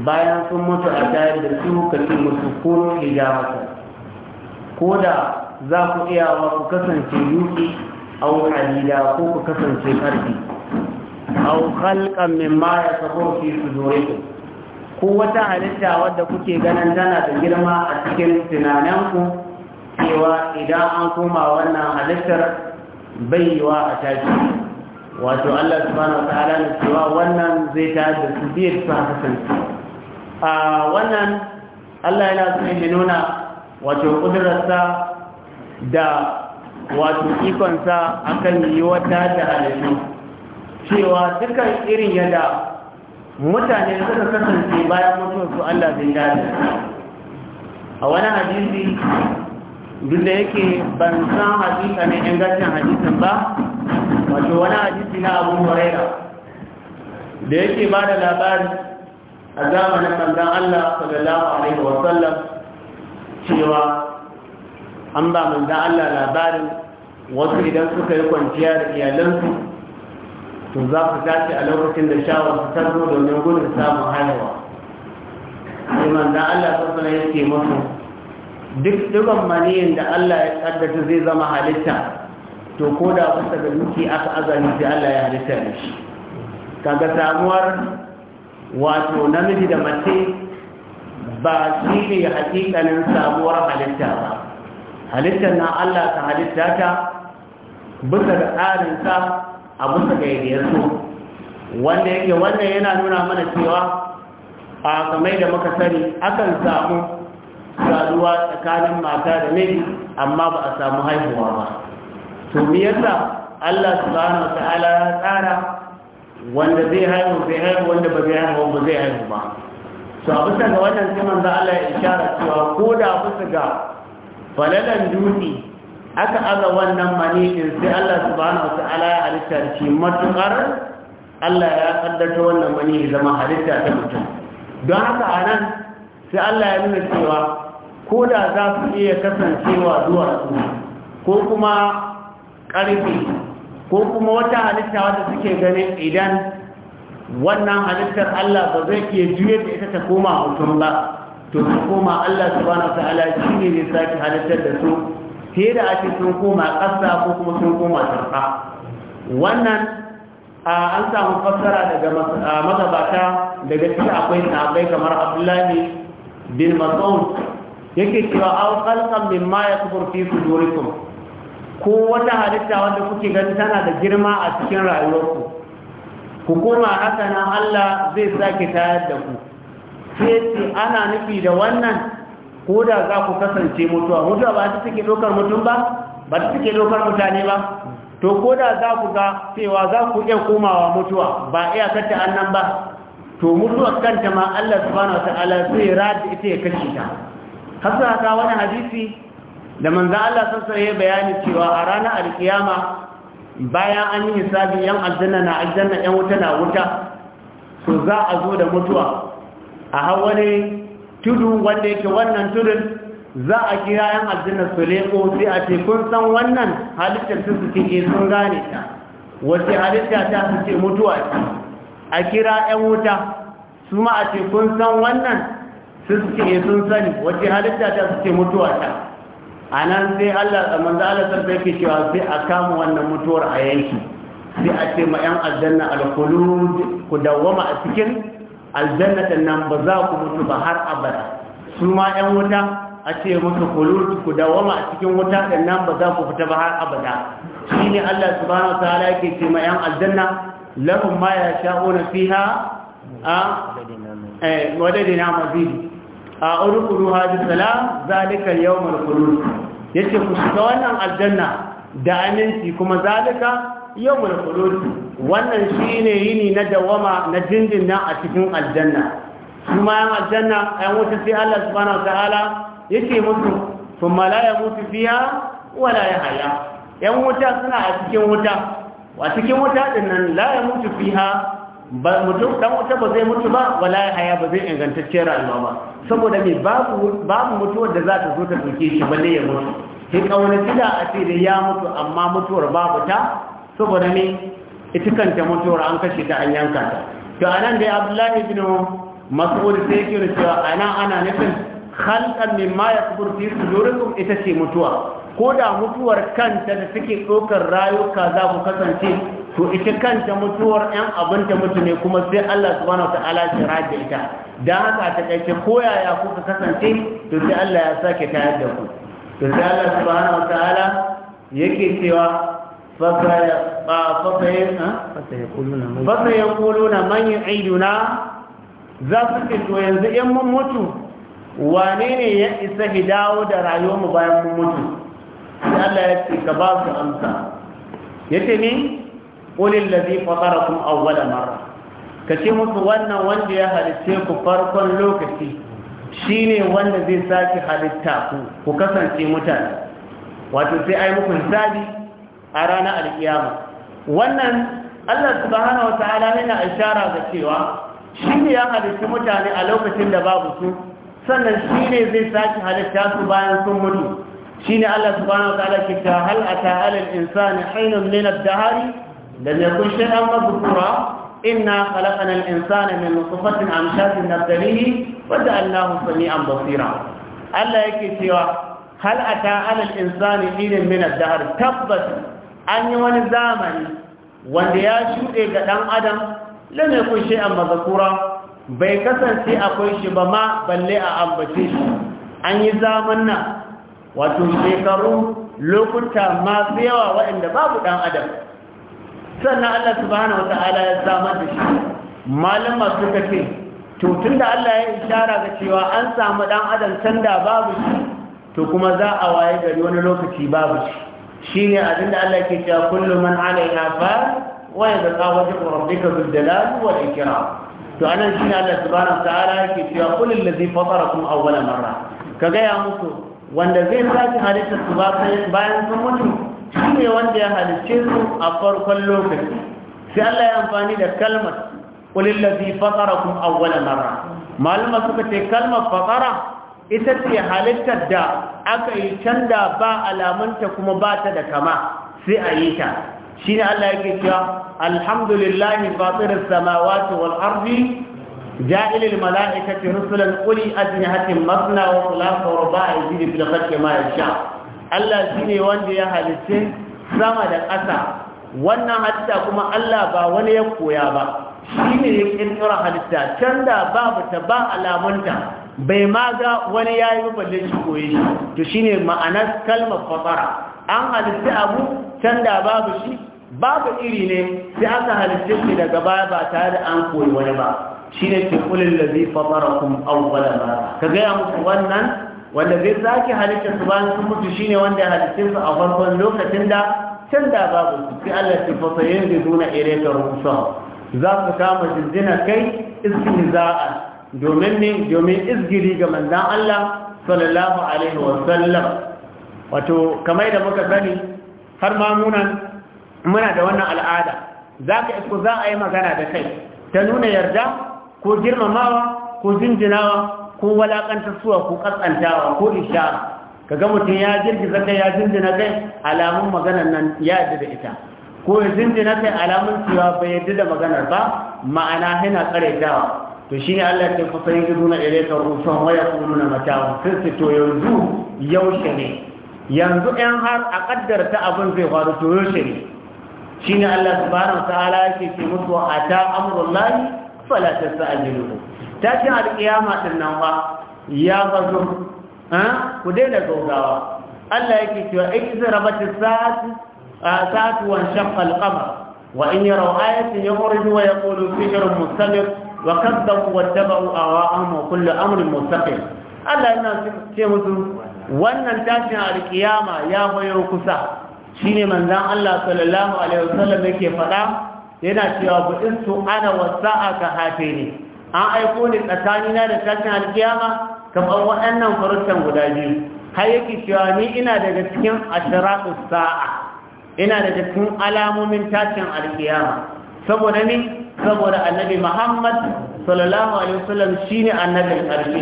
Speaker 2: bayan sun mutu a tayar da su kace musu kuro ko da za ku iya ku kasance yuki aw qalila ko ku kasance karfi aw khalqan mimma yasfur fi sudurikum ko wata halitta wadda kuke ganin tana da girma a cikin tunananku cewa idan an koma wannan halittar baiwa a tashi wato Allah subhanahu wa ta'ala ne cewa wannan zai ta da su biyar su kasance a wannan Allah yana so ya nuna wato kudurarsa da wato ikonsa akan yi wata da halittu cewa dukkan irin yadda mutane suka kasance bayan mutuwarsu Allah zai dace a wani hadisi duk da yake ban san hadisa ne ingancin hadisin ba wato wani hadisi na abu huraira da yake ba da labari a zamanin manzon Allah sallallahu alaihi wasallam cewa an ba da Allah labarin wasu idan suka yi kwanciya da iyalansu to za ku tashi a lokacin da shawar su tarzo domin gudun samun haihuwa sai da Allah sassana ya ce musu duk duban maniyin da Allah ya kaddata zai zama halitta to ko da wasu da duki aka azami sai Allah ya halitta da shi kaga samuwar wato namiji da mace ba shi ne hakikanin samuwar halitta ba halittar na Allah ta halitta ta bisa ga tsarinsa a bisa ga yadda so wanda yake wannan yana nuna mana cewa a kamar da muka sani akan samu saduwa tsakanin mata da miji amma ba a samu haihuwa ba to me yasa Allah subhanahu wataala ya tsara wanda zai haihu zai haihu wanda ba zai haihu ba zai haihu ba to a bisa ga wannan sai za Allah ya ishara cewa ko da bisa ga falalan dutse aka aza wannan manikin sai Allah subhanahu wata'ala ya halitta da shi matukar Allah ya kaddata wannan mani zama halitta ta mutum don haka a nan sai Allah ya nuna cewa ko da za su iya kasancewa duwatsu ko kuma ƙarfi ko kuma wata halitta wata suke ganin idan wannan halittar Allah ba zai iya juye da ita ta koma mutum ba to su koma Allah subhanahu ta'ala shine ne saki halittar da su sai da ake sun koma ƙasa ko kuma sun koma tarfa wannan a an samu fassara daga magabata daga cikin akwai sahabbai kamar Abdullahi bin Mas'ud yake cewa aw khalqan mimma yakbur fi sudurikum ko wata halitta wanda kuke gani tana da girma a cikin rayuwarku ku koma haka Allah zai sake tayar da ku sai ana nufi da wannan ko da za ku kasance mutuwa mutuwa ba ta suke dokar mutum ba ba ta suke dokar mutane ba to ko da za ku ga cewa za ku iya komawa mutuwa ba iya kanta annan ba to mutuwar kanta ma Allah subhanahu wataala zai rada ita ya kashe ta hasa ta wani hadisi da manzo Allah sassa ya bayani cewa a ranar alkiyama bayan an yi hisabi yan aljanna na aljanna yan wuta na wuta to za a zo da mutuwa a hawane tudu wanda yake wannan tudun za a kira yan aljanna su leko sai a ce kun san wannan halittar su su ce eh, sun gane ta wace halitta ta su ce mutuwa ce a kira yan wuta su ma a ce kun san wannan su su ce eh, sun sani wace halitta ta su ce mutuwa ta a nan sai allah manzo allah sarfa yake cewa sai a kama wannan mutuwar a yanki sai a ce ma yan aljanna alkulud ku dawwama a cikin aljannatan nan ba za ku mutu ba har abada su ma yan wuta a ce musu kulur ku dawama a cikin wuta ɗin nan ba za ku fita ba har abada shi ne Allah subhanahu wa ta'ala yake ce ma yan aljanna lahum ma yasha'una fiha a eh wadadina mazidi a urkuruha bi salam zalika al-yawm al-khulud yace ku shiga wannan aljanna da aminci kuma zalika Yau da khulud wannan shi yi yini na dawama na jindin nan a cikin aljanna ma yan aljanna 'yan wuta sai Allah subhanahu ce mutu musu ma la yamutu fiha wala haya. yan wuta suna a cikin wuta A cikin wuta din nan la ya mutu ba mutum dan wuta ba zai mutu ba wala haya ba zai ingantacciyar rayuwa ba saboda me babu mutuwar da za ta zo ta doke shi balle ya mutu sai kauna tida a ce da ya mutu amma mutuwar babu ta saboda ne ita kanta mutuwar an kashe ta an yanka ta to anan dai abdullahi ibn mas'ud sai yake ne cewa anan ana nufin khalqan ma yakbur fi sudurikum ita ce mutuwa ko da mutuwar kanta da take ɗaukar rayuka za ku kasance to ita kanta mutuwar ɗan abinta mutu ne kuma sai Allah subhanahu wata'ala ya rage ita da haka ta ko koyaya kuka kasance to sai Allah ya sake tayar da ku to sai Allah subhanahu wata'ala yake cewa فسيقولون manyan aiduna za su to yanzu in mun mutu wane ne ya isa hidawo da mu bayan mun mutu sai Allah ya ce ka ba su amsa yace ni qulil kun fatarakum mara Ka ce musu wannan wanda ya halitta ku farkon lokaci Shi ne wanda zai sake halitta ku ku kasance mutane wato sai ai muku hisabi a ranar alkiyama wannan Allah subhanahu wataala yana ishara ga cewa shi ne ya halitta mutane a lokacin da babu su sannan shi ne zai sake halitta su bayan sun mutu shi ne Allah subhanahu wataala ke ta hal ata halal insani hinun min ad-dahari lam yakun shay'an madhkura inna khalaqna al-insana min na amshajin nabtalihi wa ja'alnahu an basira Allah yake cewa hal'ata ata insani irin min ad-dahr tabbas an yi wani zamani wanda ya shuɗe ga ɗan adam lame kun shi a mazakura bai kasance akwai shi ba ma balle a ambace shi an yi zamanna wato shekaru lokuta masu yawa waɗanda babu ɗan adam sannan Allah subhanahu ala ya zamar da shi malin masu kake to da Allah ya ishara ga cewa an samu ɗan adam can babu shi to kuma za a waye gari wani lokaci babu shi ne abinda Allah ke cewa kullu man alaiha fa wa yabqa wajhu rabbika bil jalali wal ikram to anan ne Allah subhanahu wa ta'ala ke cewa qul allazi fatarakum awwala marra kaga ya musu wanda zai saki halitta su ba bayan sun mutu shine wanda ya halicce su a farkon lokaci sai Allah ya amfani da kalmar qul allazi fatarakum awwala marra malama suka ce kalmar fatara ita ce halittar da aka yi canda ba alamunta kuma ba ta da kama sai a yi ta shi ne Allah yake cewa alhamdulillahi fatirar samawati wal arzi ja'ilil mala'ikati rusulan uli ajnihatin masna wa thulatha wa ruba'a yazidu fil khalqi ma yasha Allah shine wanda ya halitta sama da ƙasa wannan hatta kuma Allah ba wani ya koya ba shine ya kirkira halitta canda babu ta ba alamunta bai ma ga wani ya yi balle shi koye shi to shi ne ma'anar kalmar fasara an halitta abu can da babu shi babu iri ne sai aka halitta shi daga baya ba tare da an koyi wani ba shi ne ke kulin da zai fasara kuma auwala ba ka gaya musu wannan wanda zai zaki halitta su bayan sun mutu shi ne wanda ya halitta su a farkon lokacin da can da babu su sai allah ce fasayin da zuna ire ka rukusa za su kama jinjina kai iskin za'a domin ne domin izgiri ga manzan Allah sallallahu alaihi wasallam wato kamar da muka sani har ma muna da wannan al'ada za ka isko za a yi magana da kai ta nuna yarda ko girmamawa ko jinjinawa ko suwa ko katsantawa ko Ka kaga mutum ya girgiza kai ya jinjina kai alamun maganar nan ya yi da ita ko jinjina kai alamun cewa bai yarda da maganar ba ma'ana yana tsare to shi ne Allah ke kusa yin zuna ilaika rusan waya kuluna matawa sun su to yanzu yaushe ne yanzu ɗan har a ƙaddarta abin zai faru to yaushe ne shi ne Allah subhanahu wa Ala yake ce musu a ta amurullahi fala tastajiluhu ta ce alƙiyama din nan ba ya fazo ku daina gaugawa Allah yake cewa in zarabatis sa'atu sa'atu wan shaqqa al-qamar wa in yaraw ayatin yukhriju wa yaqulu sihrun Musamman. wa kadzabu wa tabu awa'ahum wa kullu amrin mustaqim Allah yana ce musu wannan tashin alkiyama ya bayo kusa shine manzon Allah sallallahu alaihi wasallam yake fada yana cewa bu'istu ana wasa'a ka hatini an aiko ni tsakanina da tashin alkiyama kamar waɗannan furutan guda biyu har yake cewa ni ina daga cikin ashraqus sa'a ina daga cikin alamomin tashin alkiyama saboda ne saboda annabi muhammad sallallahu alaihi wasallam shine annabin ƙarshe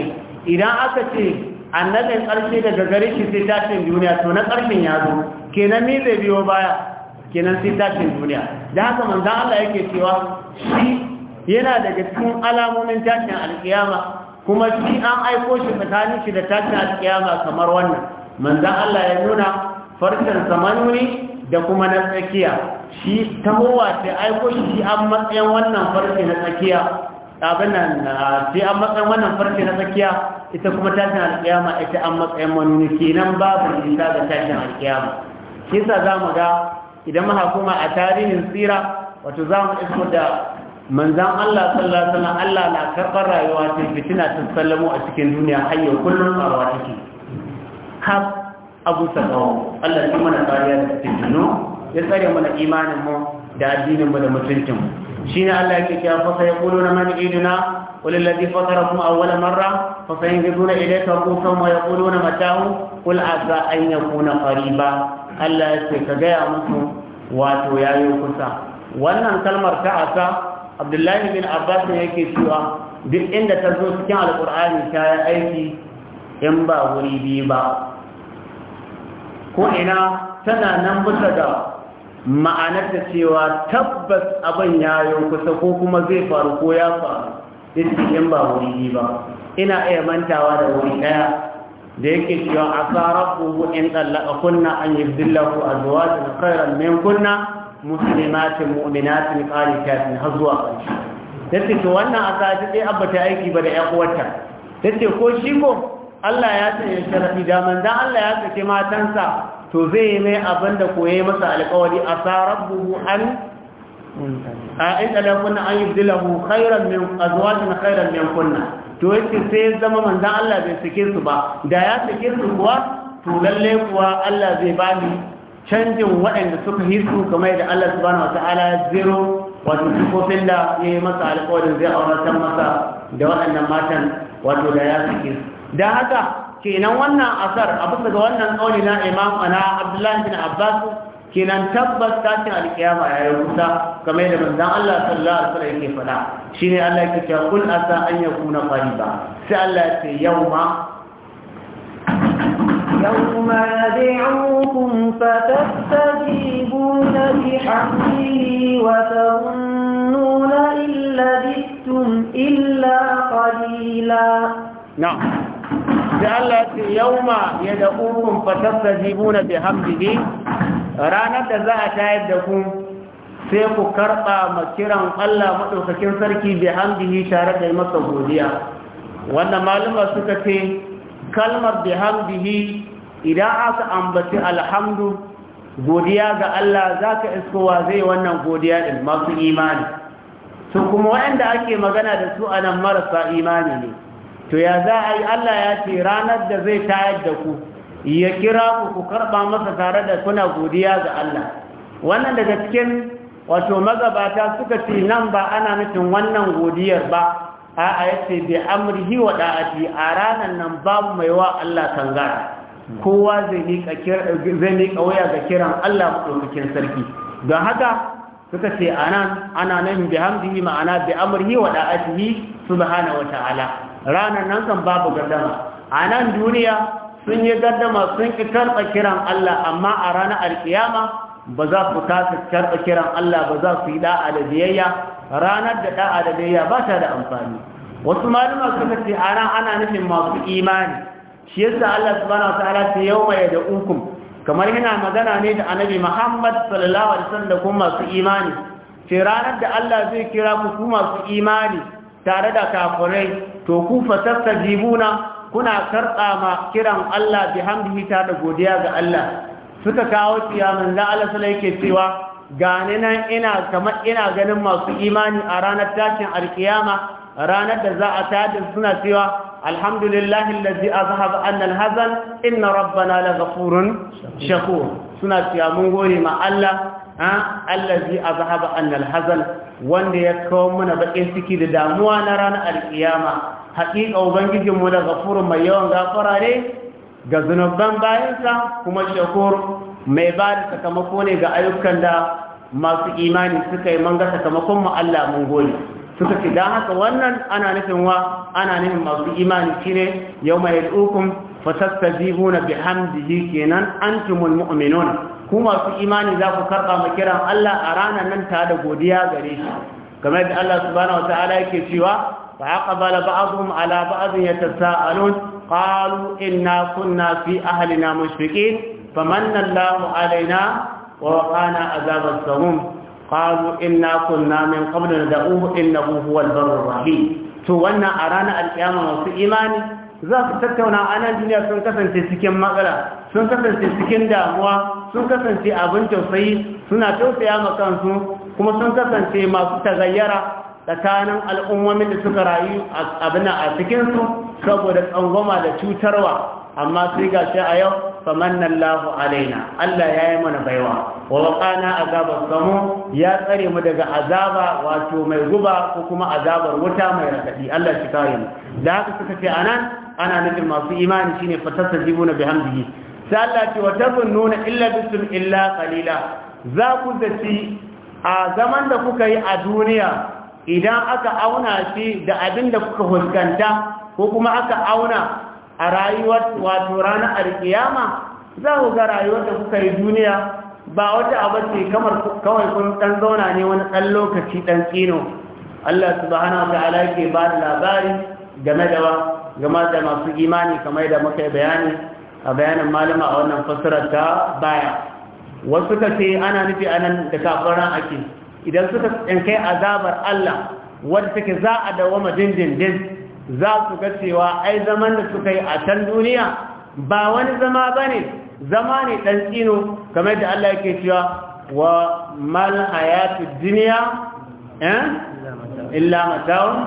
Speaker 2: idan aka ce annabin Karfe daga gare shi sai tashin duniya to na ƙarshen ya zo kenan ni zai biyo baya kenan sai tashin duniya da haka manzo Allah yake cewa shi yana daga cikin alamomin tashin alkiyama kuma shi an aiko shi tsakanin shi da tashin alkiyama kamar wannan manzo Allah ya nuna farcen samanuni da kuma na tsakiya shi ta tahowa sai aiko shi an matsayin wannan farce na tsakiya abinan sai an matsayin wannan farce na tsakiya ita kuma tashin alkiyama ita an matsayin ke nan babu nisa ga tashin alkiyama kisa za mu ga idan muka koma a tarihin tsira wato za mu isko da manzan Allah Sallasana Allah na karɓar rayuwa sai fitina ta sallamo a cikin duniya har yau kullum farwa take har abu sakawo Allah ya mana kariya da duniya. ya tsare mana imanin mu da addininmu da mutuncin mu shine Allah yake cewa fa na mani iduna قل الذي فطركم أول مرة فسينجدون إليك na ويقولون متاه قل عسى أن fari ba. Allah ya ce ka gaya musu wato ya yi kusa wannan kalmar ta asa abdullahi bin abbas ne yake cewa duk inda ta zo cikin alkur'ani ta yi aiki in ba wuri biyu ba ko ina tana nan bisa da ma'anar da cewa tabbas abin ya yi kusa ko kuma zai faru ko ya faru in ba wuri ba ina iya mantawa da wuri ɗaya da yake cewa a tsara kogo in tsallaka kunna an yi zillahu a zuwa da kairar min kunna musulmatin mu'minatin kafin har zuwa ƙarshe da ce wannan a sati ɗaya abba ta aiki ba da ya uwarta da ce ko shi ko Allah ya sanya sharaɗi da manzan Allah ya sake matansa to zai mai abinda da koye masa alƙawari a tsarar an a inda da kunna an yi zilahu khairan min azwatin khairan min kunna to yace sai zama manzan Allah bai sake su ba da ya sake su kuwa to lalle kuwa Allah zai ba ni canjin waɗanda suka yi su kamar da Allah subhanahu wataala zero wato sifofin da ya yi masa alkawarin zai auratar masa da waɗannan matan wato da ya sake su da haka kenan wannan asar abin daga wannan kauli na imam ana abdullahi bin abbas kenan tabbas tashin alkiyama ya yi kusa game da manzon Allah sallallahu alaihi wasallam yake faɗa shine Allah yake cewa kul asa an yakuna qariba sai Allah ya ce yauma
Speaker 1: يوم يدعوكم فتستجيبون بحمده وتظنون إن لبثتم إلا قليلا
Speaker 2: نعم da Allah ce yauma ya da ukun fatasta jibuna bi hamdihi ranar da za a tayar da ku sai ku karɓa ma Allah maɗaukakin sarki bi hamdihi tare da masa godiya wanda malama suka ce kalmar bi hamdihi idan aka ambaci alhamdu godiya ga Allah za ka iskowa zai wannan godiya ɗin masu imani To kuma waɗanda ake magana da su a nan marasa imani ne to ya za a yi Allah ya ce ranar da zai tayar da ku ya kira ku ku karɓa masa tare da kuna godiya ga Allah wannan daga cikin wato magabata suka ce nan ba ana nufin wannan godiyar ba a a yace bai amrihi wa da'ati a ranar nan babu mai wa Allah kangara kowa zai miƙa waya ga kiran Allah maɗaukakin sarki don haka suka ce anan ana nan bi hamdihi ma'ana bi amrihi wa da'atihi subhanahu wa ta'ala ranar nan kan babu gaddama a nan duniya sun yi gaddama sun ki karɓa kiran Allah amma a ranar alkiyama ba za ku karɓa kiran Allah ba za su yi da'a da biyayya ranar da da'a da biyayya ba ta da amfani wasu malama suka ce a nan ana nufin masu imani shi yasa Allah subhanahu wa ta'ala ta yauma ya da ukum kamar yana magana ne da annabi Muhammad sallallahu alaihi wasallam da kuma masu imani ce ranar da Allah zai kira ku su masu imani tare da kafirai to ku fasastajibuna kuna karɓa ma kiran Allah bihamdihi ta da godiya ga Allah suka kawo tiya manzo Allah sallallahu cewa gane nan ina kamar ina ganin masu imani a ranar tashin alkiyama ranar da za a tada suna cewa alhamdulillahi allazi azhaba anna alhazan inna rabbana laghafurun shakur suna cewa mun hore ma Allah ha allazi azhaba annal hazan wanda ya kawo mana bakin ciki da damuwa na ranar alkiyama haƙiƙa ubangijin mu da gafurun mai yawan gafara ne ga zunuban bayansa kuma shakur mai ba da sakamako ne ga ayyukan da masu imani suka yi manga sakamakon mu Allah mun gode suka ce don haka wannan ana nufin wa ana nufin masu imani shine yau mai yad'ukum fasastazibuna bihamdihi kenan antumul mu'minun ku masu imani za ku karba ma kiran Allah a ranar nan ta da godiya gare shi kamar da Allah subhanahu wataala yake cewa fa aqbala ba'dhum ala ba'd yatasaalun qalu inna kunna fi ahlina mushfiqin famanna Allahu alaina wa waqana azabas samum qalu inna kunna min qablu nad'u innahu huwal barrur rahim to wannan a ranar alkiyama masu imani za su tattauna a nan duniya sun kasance cikin matsala sun kasance cikin damuwa sun kasance abin tausayi suna tausaya ma kansu kuma sun kasance masu tagayyara tsakanin al'ummomin da suka rayu abin a cikinsu saboda tsangwama da cutarwa amma sai ga shi a yau famanna lahu alaina Allah ya yi mana baiwa wa waqana azabar samu ya tsare mu daga azaba wato mai guba ko kuma azabar wuta mai radadi Allah shi kare mu da haka suka ce anan ana nufin masu imani shine fatasajibuna bihamdihi sai Allah ce wa tazunnuna illa bisum illa qalila za ku zaci a zaman da kuka yi a duniya idan aka auna shi da abin da kuka huskanta ko kuma aka auna a rayuwar wato ranar alkiyama za ku ga rayuwar da kuka yi duniya ba wata abace kamar kawai kun dan zauna ne wani dan lokaci dan tsino Allah subhanahu wataala yake ba da labari game da game da masu imani kamar da muka bayani a bayanin malama a wannan fasirar ta baya wasu ka ce ana nufi anan da kafaran ake idan suka tsinkai azabar Allah wanda take za a dawama dindindin za su ga cewa ai zaman da suka yi a can duniya ba wani zama ba ne zama ne ɗan tsino kamar da Allah yake cewa wa mal hayatu duniya eh? illa mata'un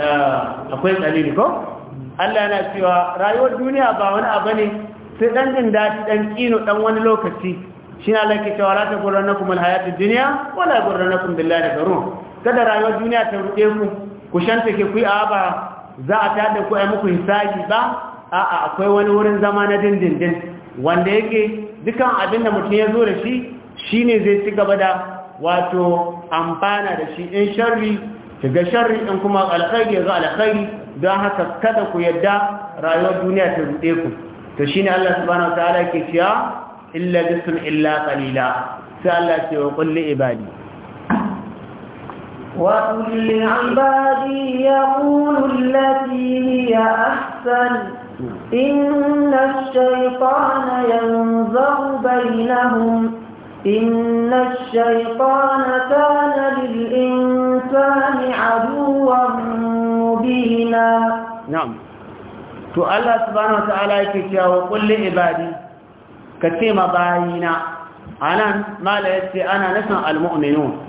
Speaker 2: eh, akwai tsalili ko Allah yana cewa rayuwar duniya ba wani abu ne sai ɗan jin daɗi ɗan tsino ɗan wani lokaci shi na laike cewa la ta na kuma hayatu duniya wala kuma billahi da garun kada rayuwar duniya ta ruɗe ku ku shanta ke ku yi a ba za a tada ku ai muku hisabi ba a'a akwai wani wurin zama na dindindin wanda yake dukan abin da mutum ya zo da shi shine zai ci gaba da wato amfana da shi in sharri shiga sharri in kuma alkhairi ya zo alkhairi don haka kada ku yadda rayuwar duniya ta ruɗe ku to shine Allah subhanahu wataala yake cewa illa bisun illa qalila sai Allah ya ce wa kulli ibadi
Speaker 1: وقل لعبادي يقولوا التي هي أحسن إن الشيطان ينزغ بينهم إن الشيطان كان للإنسان عدوا مبينا
Speaker 2: نعم to Allah subhanahu wata'ala yake cewa wa kulli ibadi kace mabayina anan mala yace ana nasan almu'minun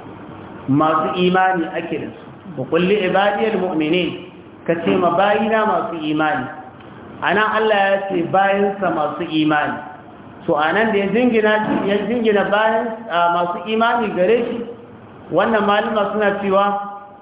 Speaker 2: masu imani ake da su kulle kulli ibadiyal ka ce ma bayina masu imani nan Allah ya ce bayansa masu imani so anan da ya jingina ya jingina bayan masu imani gare shi wannan malama suna cewa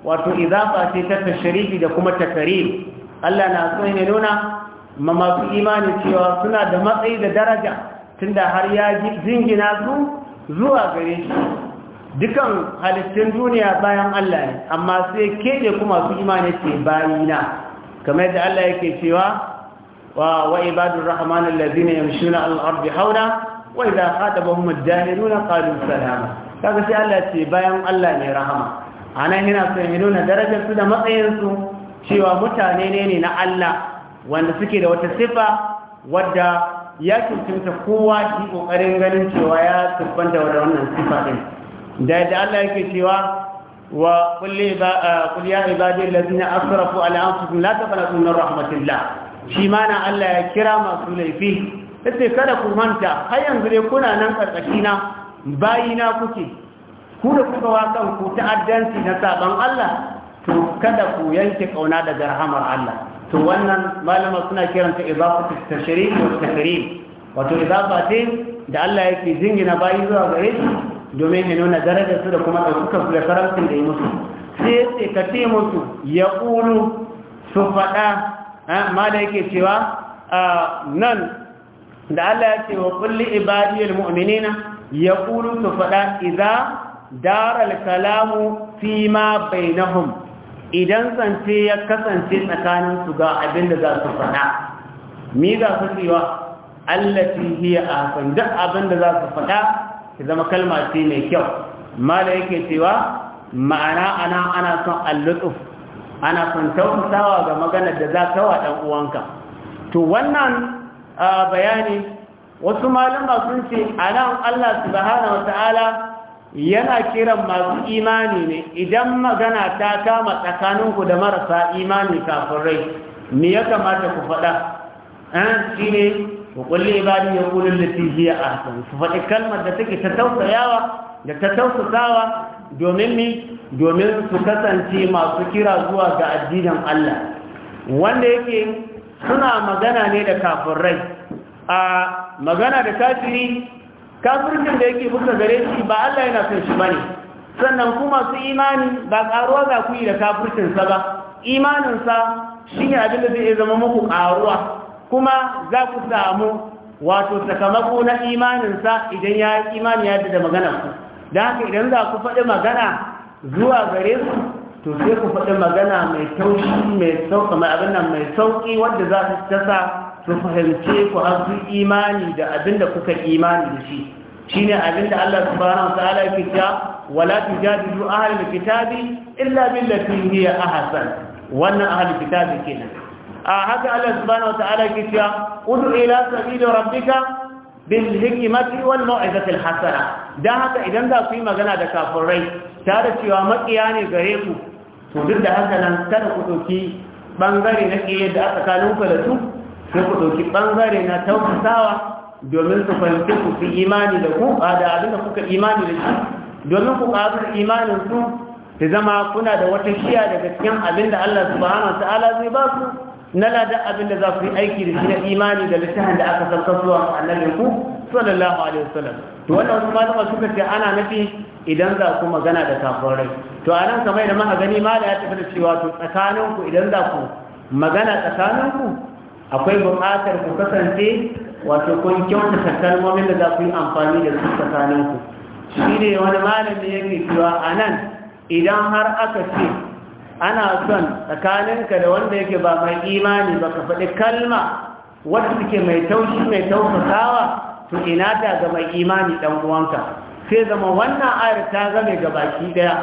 Speaker 2: wato idafa ce ta tashriki da kuma takarir Allah na so ne nuna ma masu imani cewa suna da matsayi da daraja tunda har ya jingina su zuwa gare shi dukan halittun duniya bayan Allah ne amma sai keɓe kuma su imani ce bayina kamar yadda Allah yake cewa wa wa ibadur rahman allazina yamshuna al-ardi hawla wa idha khatabahum ad-dahiruna qalu salama kaga sai Allah ce bayan Allah ne rahama anan yana so ya nuna darajar su da matsayin su cewa mutane ne ne na Allah wanda suke da wata sifa wadda ya tuntunta kowa ki kokarin ganin cewa ya tubbanta da wannan sifa din da yadda Allah yake cewa wa kulli ba kul ya ibadi allazina asrafu ala anfusihim la taqnatu min rahmatillah shi mana Allah ya kira masu laifi yace kada ku manta har yanzu dai kuna nan karkashi na kuke ku da kuka wa ku ta'addanci na saban Allah to kada ku yanke kauna daga rahamar Allah to wannan malama suna kiranta idafatu tashri' wa tahrim wato idafa ce da Allah yake jingina bayi zuwa gare shi domin ya nuna darajar su da kuma ɗaukakar su da karamcin da yi musu sai ya ce ka ce musu ya ƙulu su faɗa ma da yake cewa nan da Allah ya ce wa kulli ibadiyar mu'minina ya ƙulu su faɗa iza daral kalamu fi ma bainahum idan zance ya kasance tsakanin su ga abin da za su faɗa mi za su cewa allafi hiya san duk abin da za su faɗa ta zama kalma ce mai kyau mala yake cewa ma'ana ana ana son allutuf ana son tausawa ga maganar da za ka wa ɗan uwanka to wannan bayani wasu malama sun ce anan Allah subhanahu wata'ala yana kiran masu imani ne idan magana ta kama tsakaninku da marasa imani kafin rai me ya kamata ku faɗa eh, shi ne wa kulli ibadi yaqulu allati hiya ahsan su faɗi kalmar da take ta tausayawa da ta tausasawa domin domin su kasance masu kira zuwa ga addinin Allah wanda yake suna magana ne da kafirai a magana da kafiri kafircin da yake buka gare shi ba Allah yana son shi bane sannan kuma su imani ba karuwa za ku yi da kafircinsa ba imanin sa ne abin da zai zama muku karuwa kuma za ku samu wato sakamako na imaninsa idan ya yi imani ya da magana ku da haka idan za ku faɗi magana zuwa gare su to sai ku faɗi magana mai taushi mai sauƙi mai abin nan mai sauƙi wadda za su tasa su fahimce ku har su imani da abin da kuka imani da shi shine abin da Allah subhanahu wa ta'ala yake cewa wala tujadilu ahlul kitabi illa billati hiya ahsan wannan ahlul kitabi kenan haka Allah subhanahu wa ta'ala ke cewa udu ila sabili rabbika bil hikmati wal mu'izati al hasana dan haka idan za ku yi magana da kafirai tare cewa makiya ne gare ku to duk da haka nan kada ku doki bangare na kiyaye da tsakanin ku da su sai ku doki bangare na tausasawa domin su fahimci ku fi imani da ku a da abin da kuka imani da shi domin ku ƙaru imanin su ta zama kuna da wata shiya daga cikin abin da Allah subhanahu wa ta'ala zai ba su na ladan abin da za su yi aiki da shi na imani da littafin da aka saukar kasuwa annabin ku sallallahu alaihi wasallam to wannan wasu malama suka ce ana nufi idan za ku magana da kafirai to anan kamar da muka gani mala ya tafi da cewa to tsakanin ku idan za ku magana tsakanin ku akwai buƙatar ku kasance wato kun kyautata kalmomin da za ku yi amfani da su tsakanin ku shi ne wani malami yake cewa anan idan har aka ce ana son tsakaninka da wanda yake ba mai imani ba ka faɗi kalma wadda suke mai taushi mai tausasawa to ina ga mai imani ɗan uwanka sai zama wannan ayar ta zame ga baki ɗaya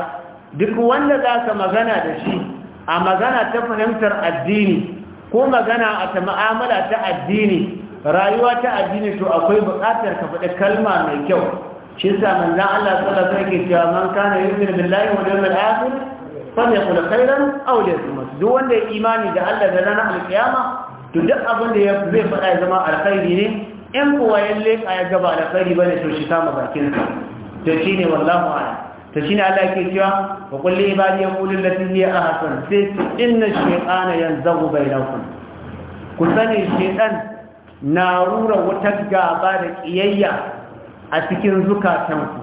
Speaker 2: duk wanda za ka magana da shi a magana ta fahimtar addini ko magana a ta ma'amala ta addini rayuwa ta addini to akwai buƙatar ka faɗi kalma mai kyau shi sa manzan Allah sallallahu alaihi wasallam yake cewa man kana yu'minu billahi wal yawmil akhir فليقل خيرا أو ليصمت duk wanda ya imani da Allah da ranar alkiyama to duk abin da zai faɗa ya zama alkhairi ne in kuwa ya leka ya gaba alkhairi bane to shi kama bakin sa to shine wallahu a'lam to shine Allah yake cewa wa kulli ibadi yaqulu allati hiya ahsan sai inna shaytana yanzaghu bainakum ku sani shaytan na rura wata gaba da kiyayya a cikin zukatanku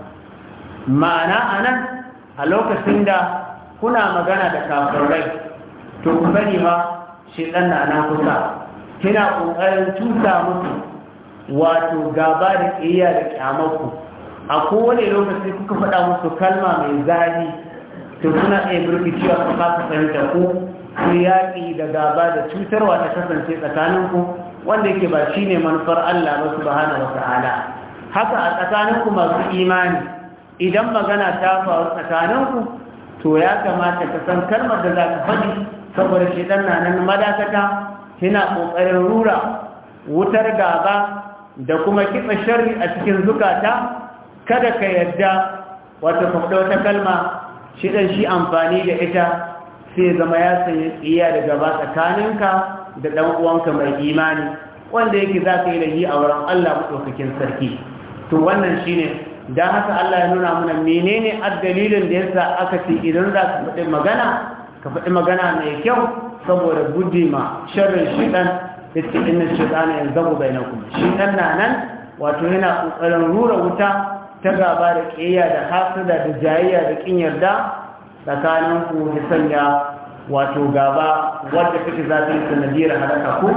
Speaker 2: ma'ana anan a lokacin da kuna magana da kafirai to ku bari ma shi ɗan na nan kusa kina ƙoƙarin tuta musu wato gaba da ƙiyya da ƙyamarku a kowane lokaci kuka faɗa musu kalma mai zafi to suna iya cewa ku kasa fahimta ku ku yaƙi da gaba da cutarwa ta kasance tsakaninku wanda yake ba shi ne manufar Allah ba subhanahu wa ta'ala haka a tsakaninku masu imani idan magana ta faru tsakaninku to ya kamata ka san kalmar da za ka faɗi saboda shi ɗan nan madakata yana ƙoƙarin rura wutar gaba da kuma kiɓa shari a cikin zukata kada ka yadda wata faɗa wata kalma shi ɗan shi amfani da ita sai zama ya sanya tsiya da gaba tsakaninka da ɗan uwanka mai imani wanda yake za ka yi da yi a wurin Allah maɗaukakin sarki to wannan shine don haka Allah ya nuna mana menene addalilin da yasa aka ce idan za ka faɗi magana ka faɗi magana mai kyau saboda guji ma sharrin shiɗan da ce inna shiɗan ya zabu bai na kuma shiɗan na nan wato yana ƙoƙarin rura wuta ta gaba da ƙeya da hasada da jayayya da ƙin yarda tsakanin ku da sanya wato gaba wadda kake za ta yi sanadiyar halaka ku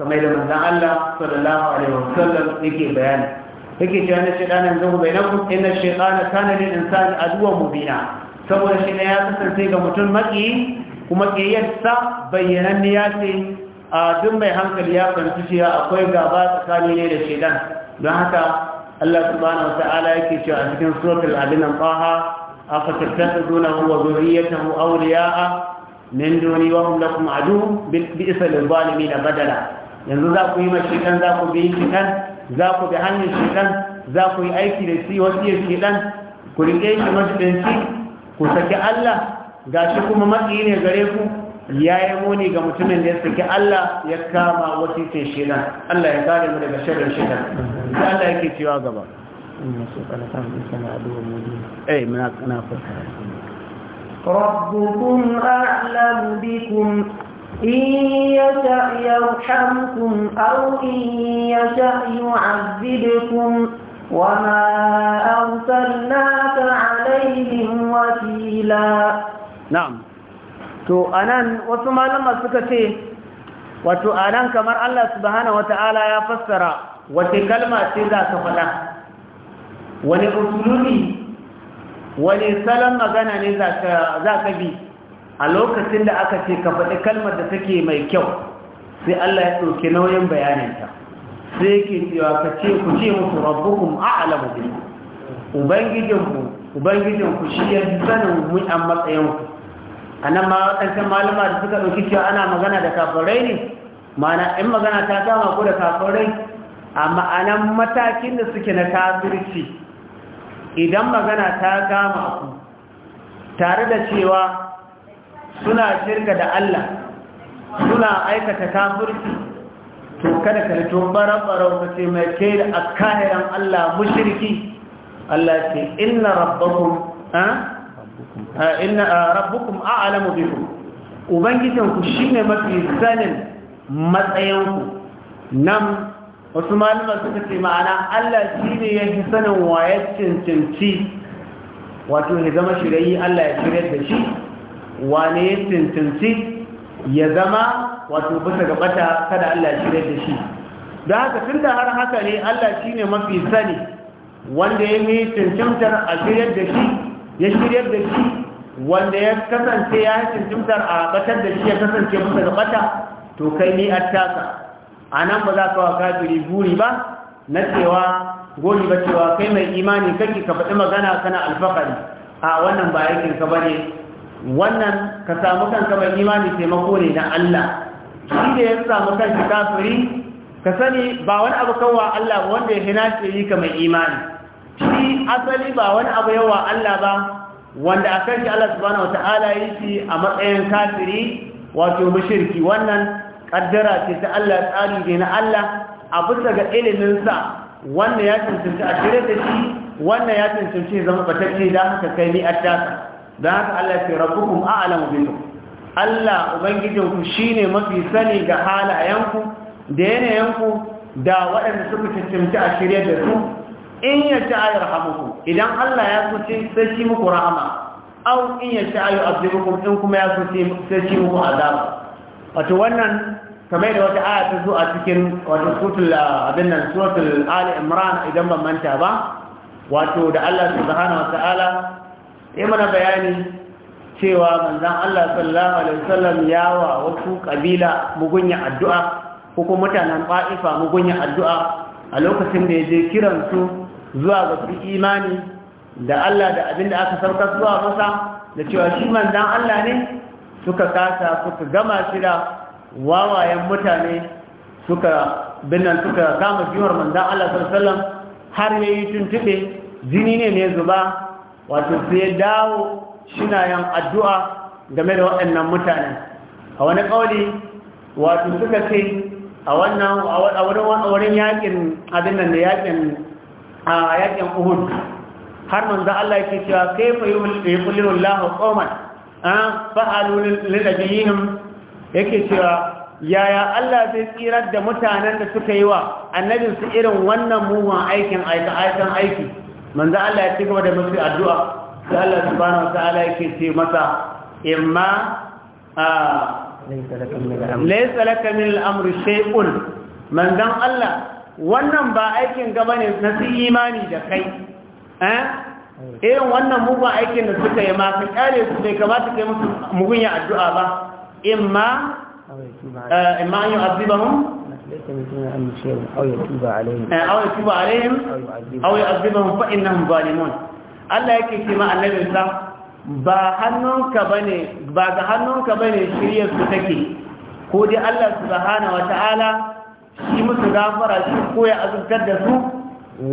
Speaker 2: kamar da manzon Allah sallallahu alaihi wasallam yake bayani yake cewa na shaitan yanzu mu bainakum inna shaytana kana lil insani aduwwan mubina saboda shi ya kasance ga mutum maki kuma kiyayyarsa bayyananne ya ce a duk mai hankali ya fahimci cewa akwai gaba tsakani ne da shaitan don haka Allah subhanahu wata'ala yake cewa a cikin suratul adinan qaha afatattakhudunahu wa dhurriyyatahu a min duni wa hum lakum adu bi'sa lil zalimin badala yanzu za ku yi mashi kan za ku bi shi kan za ku bi hannun ɗan, za ku yi aiki da shi wasiyar ɗan, ku rike shi majalinci ku saki Allah Ga shi kuma matsi ne gare ku ya yi muni ga mutumin da ya saki Allah ya kama wasiyar ɗan. Allah ya kare mu daga sharrin ɗan. sai Allah yake cewa gaba eh muna kana farka
Speaker 1: ربكم أعلم بكم إن يشأ يرحمكم أو إن يشأ يعذبكم وما أرسلناك عليهم وكيلا نعم to anan wasu malama suka ce wato anan
Speaker 2: kamar Allah subhanahu wataala ya fassara wace kalma ce za ka faɗa wani usulubi wani salon magana ne za ka bi a lokacin da aka ce ka faɗi kalmar da take mai kyau sai Allah ya ɗauki nauyin bayaninta sai yake cewa ka ce ku ce musu rabbukum a'lamu bi ubangijinku ubangijinku shi ya fi sanin mu a matsayinku ma waɗancan malama da suka ɗauki cewa ana magana da kafarai ne mana in magana ta kama ku da kafarai a ma'anan matakin da suke na kafirci idan magana ta kama ku tare da cewa suna shirka da Allah suna aikata kafirci to kada ka rito barabbarau ka ce mai ke da akahiran Allah mushriki Allah ce inna rabbakum inna rabbukum a'lamu bikum ku shine mafi sanin matsayinku nan wasu malama suka ce ma'ana Allah shi ne ya fi sanin wayaccin cancanci wato ya zama shirayi Allah ya shirya da shi wane ya tintinci ya zama wato bisa ga bata kada Allah shi da shi da haka tun da har haka ne Allah shi ne mafi sani wanda ya yi tuntumtar a shiryar da shi ya shiryar da shi wanda ya kasance ya yi a batar da shi ya kasance bisa ga bata to kai ni a taka. a nan ba za ka wa kafiri buri ba na cewa gori ba cewa kai mai imani kake ka faɗi magana kana alfakari a wannan ba yakin ka bane wannan ka samu kanka mai imani taimako ne na Allah shi da ya samu kanka kafiri ka sani ba wani abu kawo Allah ba wanda ya hina ce yi ka mai imani shi asali ba wani abu yawa Allah ba wanda a kan shi Allah subhanahu wata'ala yi shi a matsayin kafiri wato mashirki, wannan kaddara ce ta Allah tsari ne na Allah a bisa ga ilimin wannan ya cancanci a shirye da shi wannan ya cancanci zama batacce da haka kai ni tasa da haka Allah ce rabbukum a'lamu bikum Allah ubangijinku shine mafi sani ga halayenku da yanayenku da waɗanda suka cancanci a shirya da su in ya ci ayar hamuku idan Allah ya so sai shi muku rahama au in ya ci ayu abdubukum in kuma ya so sai shi muku azaba wato wannan kamar da wata aya ta zo a cikin wato suratul abin nan suratul ali imran idan ban manta ba wato da Allah subhanahu wataala ya mana bayani cewa manzan Allah sallallahu alaihi wasallam wa wasu kabila mugunya addu'a ko kuma mutanen ba'ifa mugunya addu'a a lokacin da ya je kiransu zuwa ga su imani da Allah da abin da aka sauka zuwa masa da cewa shi manzan Allah ne suka kasa suka gama shida wawayen mutane suka binnan suka kama jiwar manzan Allah sallallahu har yayi tuntube jini ne ne zuba wato sai ya dawo shina yan addu'a game da waɗannan mutane a wani ƙauli wato suka ce a wannan a wurin yakin abin nan da yakin a yakin uhud har manzo Allah ke cewa kai kayfa yuhlilu Allah qauman an fa'alu lil nabiyihim yake cewa yaya Allah zai tsirar da mutanen da suka yi wa annabinsu irin wannan mugun aikin aikin aiki manzo Allah ya cigaba da musu addu'a sai Allah subhanahu wataala yake ce masa imma a laysa laka min al-amri shay'un manzo Allah wannan ba aikin gaba ne na su imani da kai eh eh wannan mugun aikin da suka yi ma ka kare su bai kamata kai musu mugun addu'a ba imma eh, imma an أو يتوب عليهم أو يتوب عليهم أو يعذبهم فإنهم ظالمون الله يكفي الله ba hannunka bane ba ga hannunka bane shiryar ko dai Allah subhanahu wataala shi musu gafara shi ko ya azurtar da su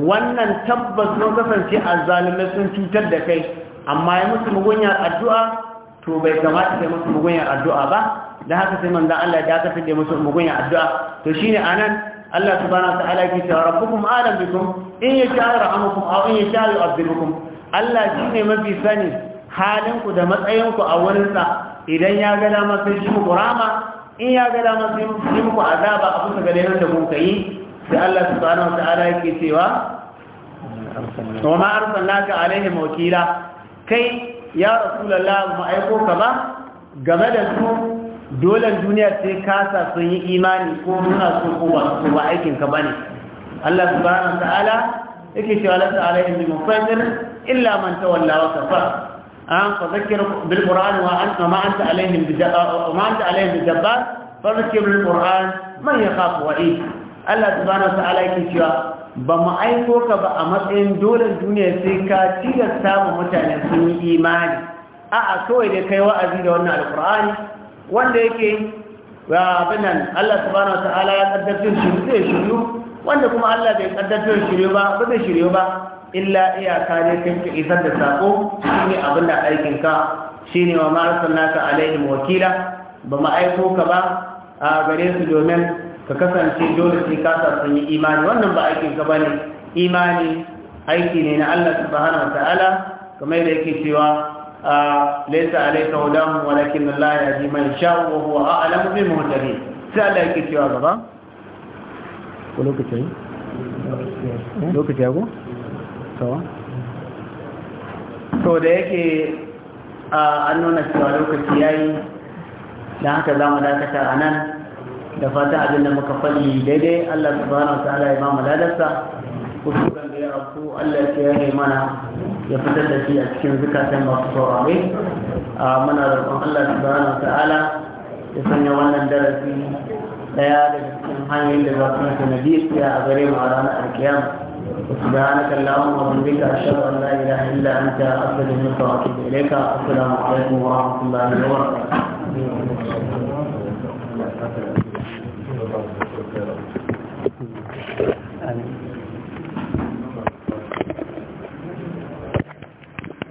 Speaker 2: wannan tabbas sun kasance azzalimai sun cutar da kai amma ya musu mugunyar addu'a to bai kamata kai musu mugunyar addu'a ba da haka sai manzon Allah ya dakatar da musu mugunyar addu'a to shi ne a nan, Allah subhanahu wa ta'ala yake cewa rabbukum alam bikum in ya yasha yarhamukum aw in ya yasha yu'adhibukum Allah shine mafi sani halinku da matsayinku a wurinsa idan ya ga dama sai shi muku rama in ya ga dama sai shi muku azaba a kusa ga nan da kun kai sai Allah subhanahu wa ta'ala yake cewa wa ma arsalnaka alaihim wakila kai ya rasulallah mu aiko ka ba game da su dole duniya sai kasa sun yi imani ko suna so ko ba su ba aikin ka bane Allah subhanahu ta'ala yake cewa la ta'ala inni mufassir illa man tawalla wa kafar an fa zakkir bil qur'an wa anta ma anta alaihim bi jabbar ma anta alaihim bi jabbar fa zakkir bil qur'an man yakhafu wa'id Allah subhanahu ta'ala yake cewa ba mu aiko ka ba a matsayin dole duniya sai ka tilasta samun mutane sun yi imani a'a kawai da kai wa'azi da wannan alkur'ani wanda yake wa binan Allah subhanahu wataala ya kaddace shi zai shiryu wanda kuma Allah bai kaddace shiryu ba ba zai shiryu ba illa iyaka ne kai ka isar da sako shine abin da aikin ka shine wa ma arsalnaka alaihim wakila ba mu aiko ka ba a gare su domin ka kasance dole sai ka yi imani wannan ba aikin ka bane imani aiki ne na Allah subhanahu wataala kamar da yake cewa ah, laysa alayka hudan walakin Allah ji man sha'u wa huwa a'lamu bil muhtadin sai Allah yake cewa gaba ko lokaci lokaci ko to to da yake ah, an nuna cewa lokaci yayi dan haka zamu dakata anan da fata abin da muka fadi daidai Allah subhanahu wa ta'ala ya ba mu ladarsa kusuran da ya auku Allah ya yi mana ya fitar da shi a cikin zukatan masu saurare a muna roƙon Allah subhanahu wa ta'ala ya sanya wannan darasi daya daga cikin hanyoyin da za su yi sanadiyya a gare mu a ranar alkiyama سبحانك اللهم وبحمدك اشهد ان لا اله الا انت استغفرك واتوب اليك السلام عليكم ورحمه الله
Speaker 3: وبركاته Thank you.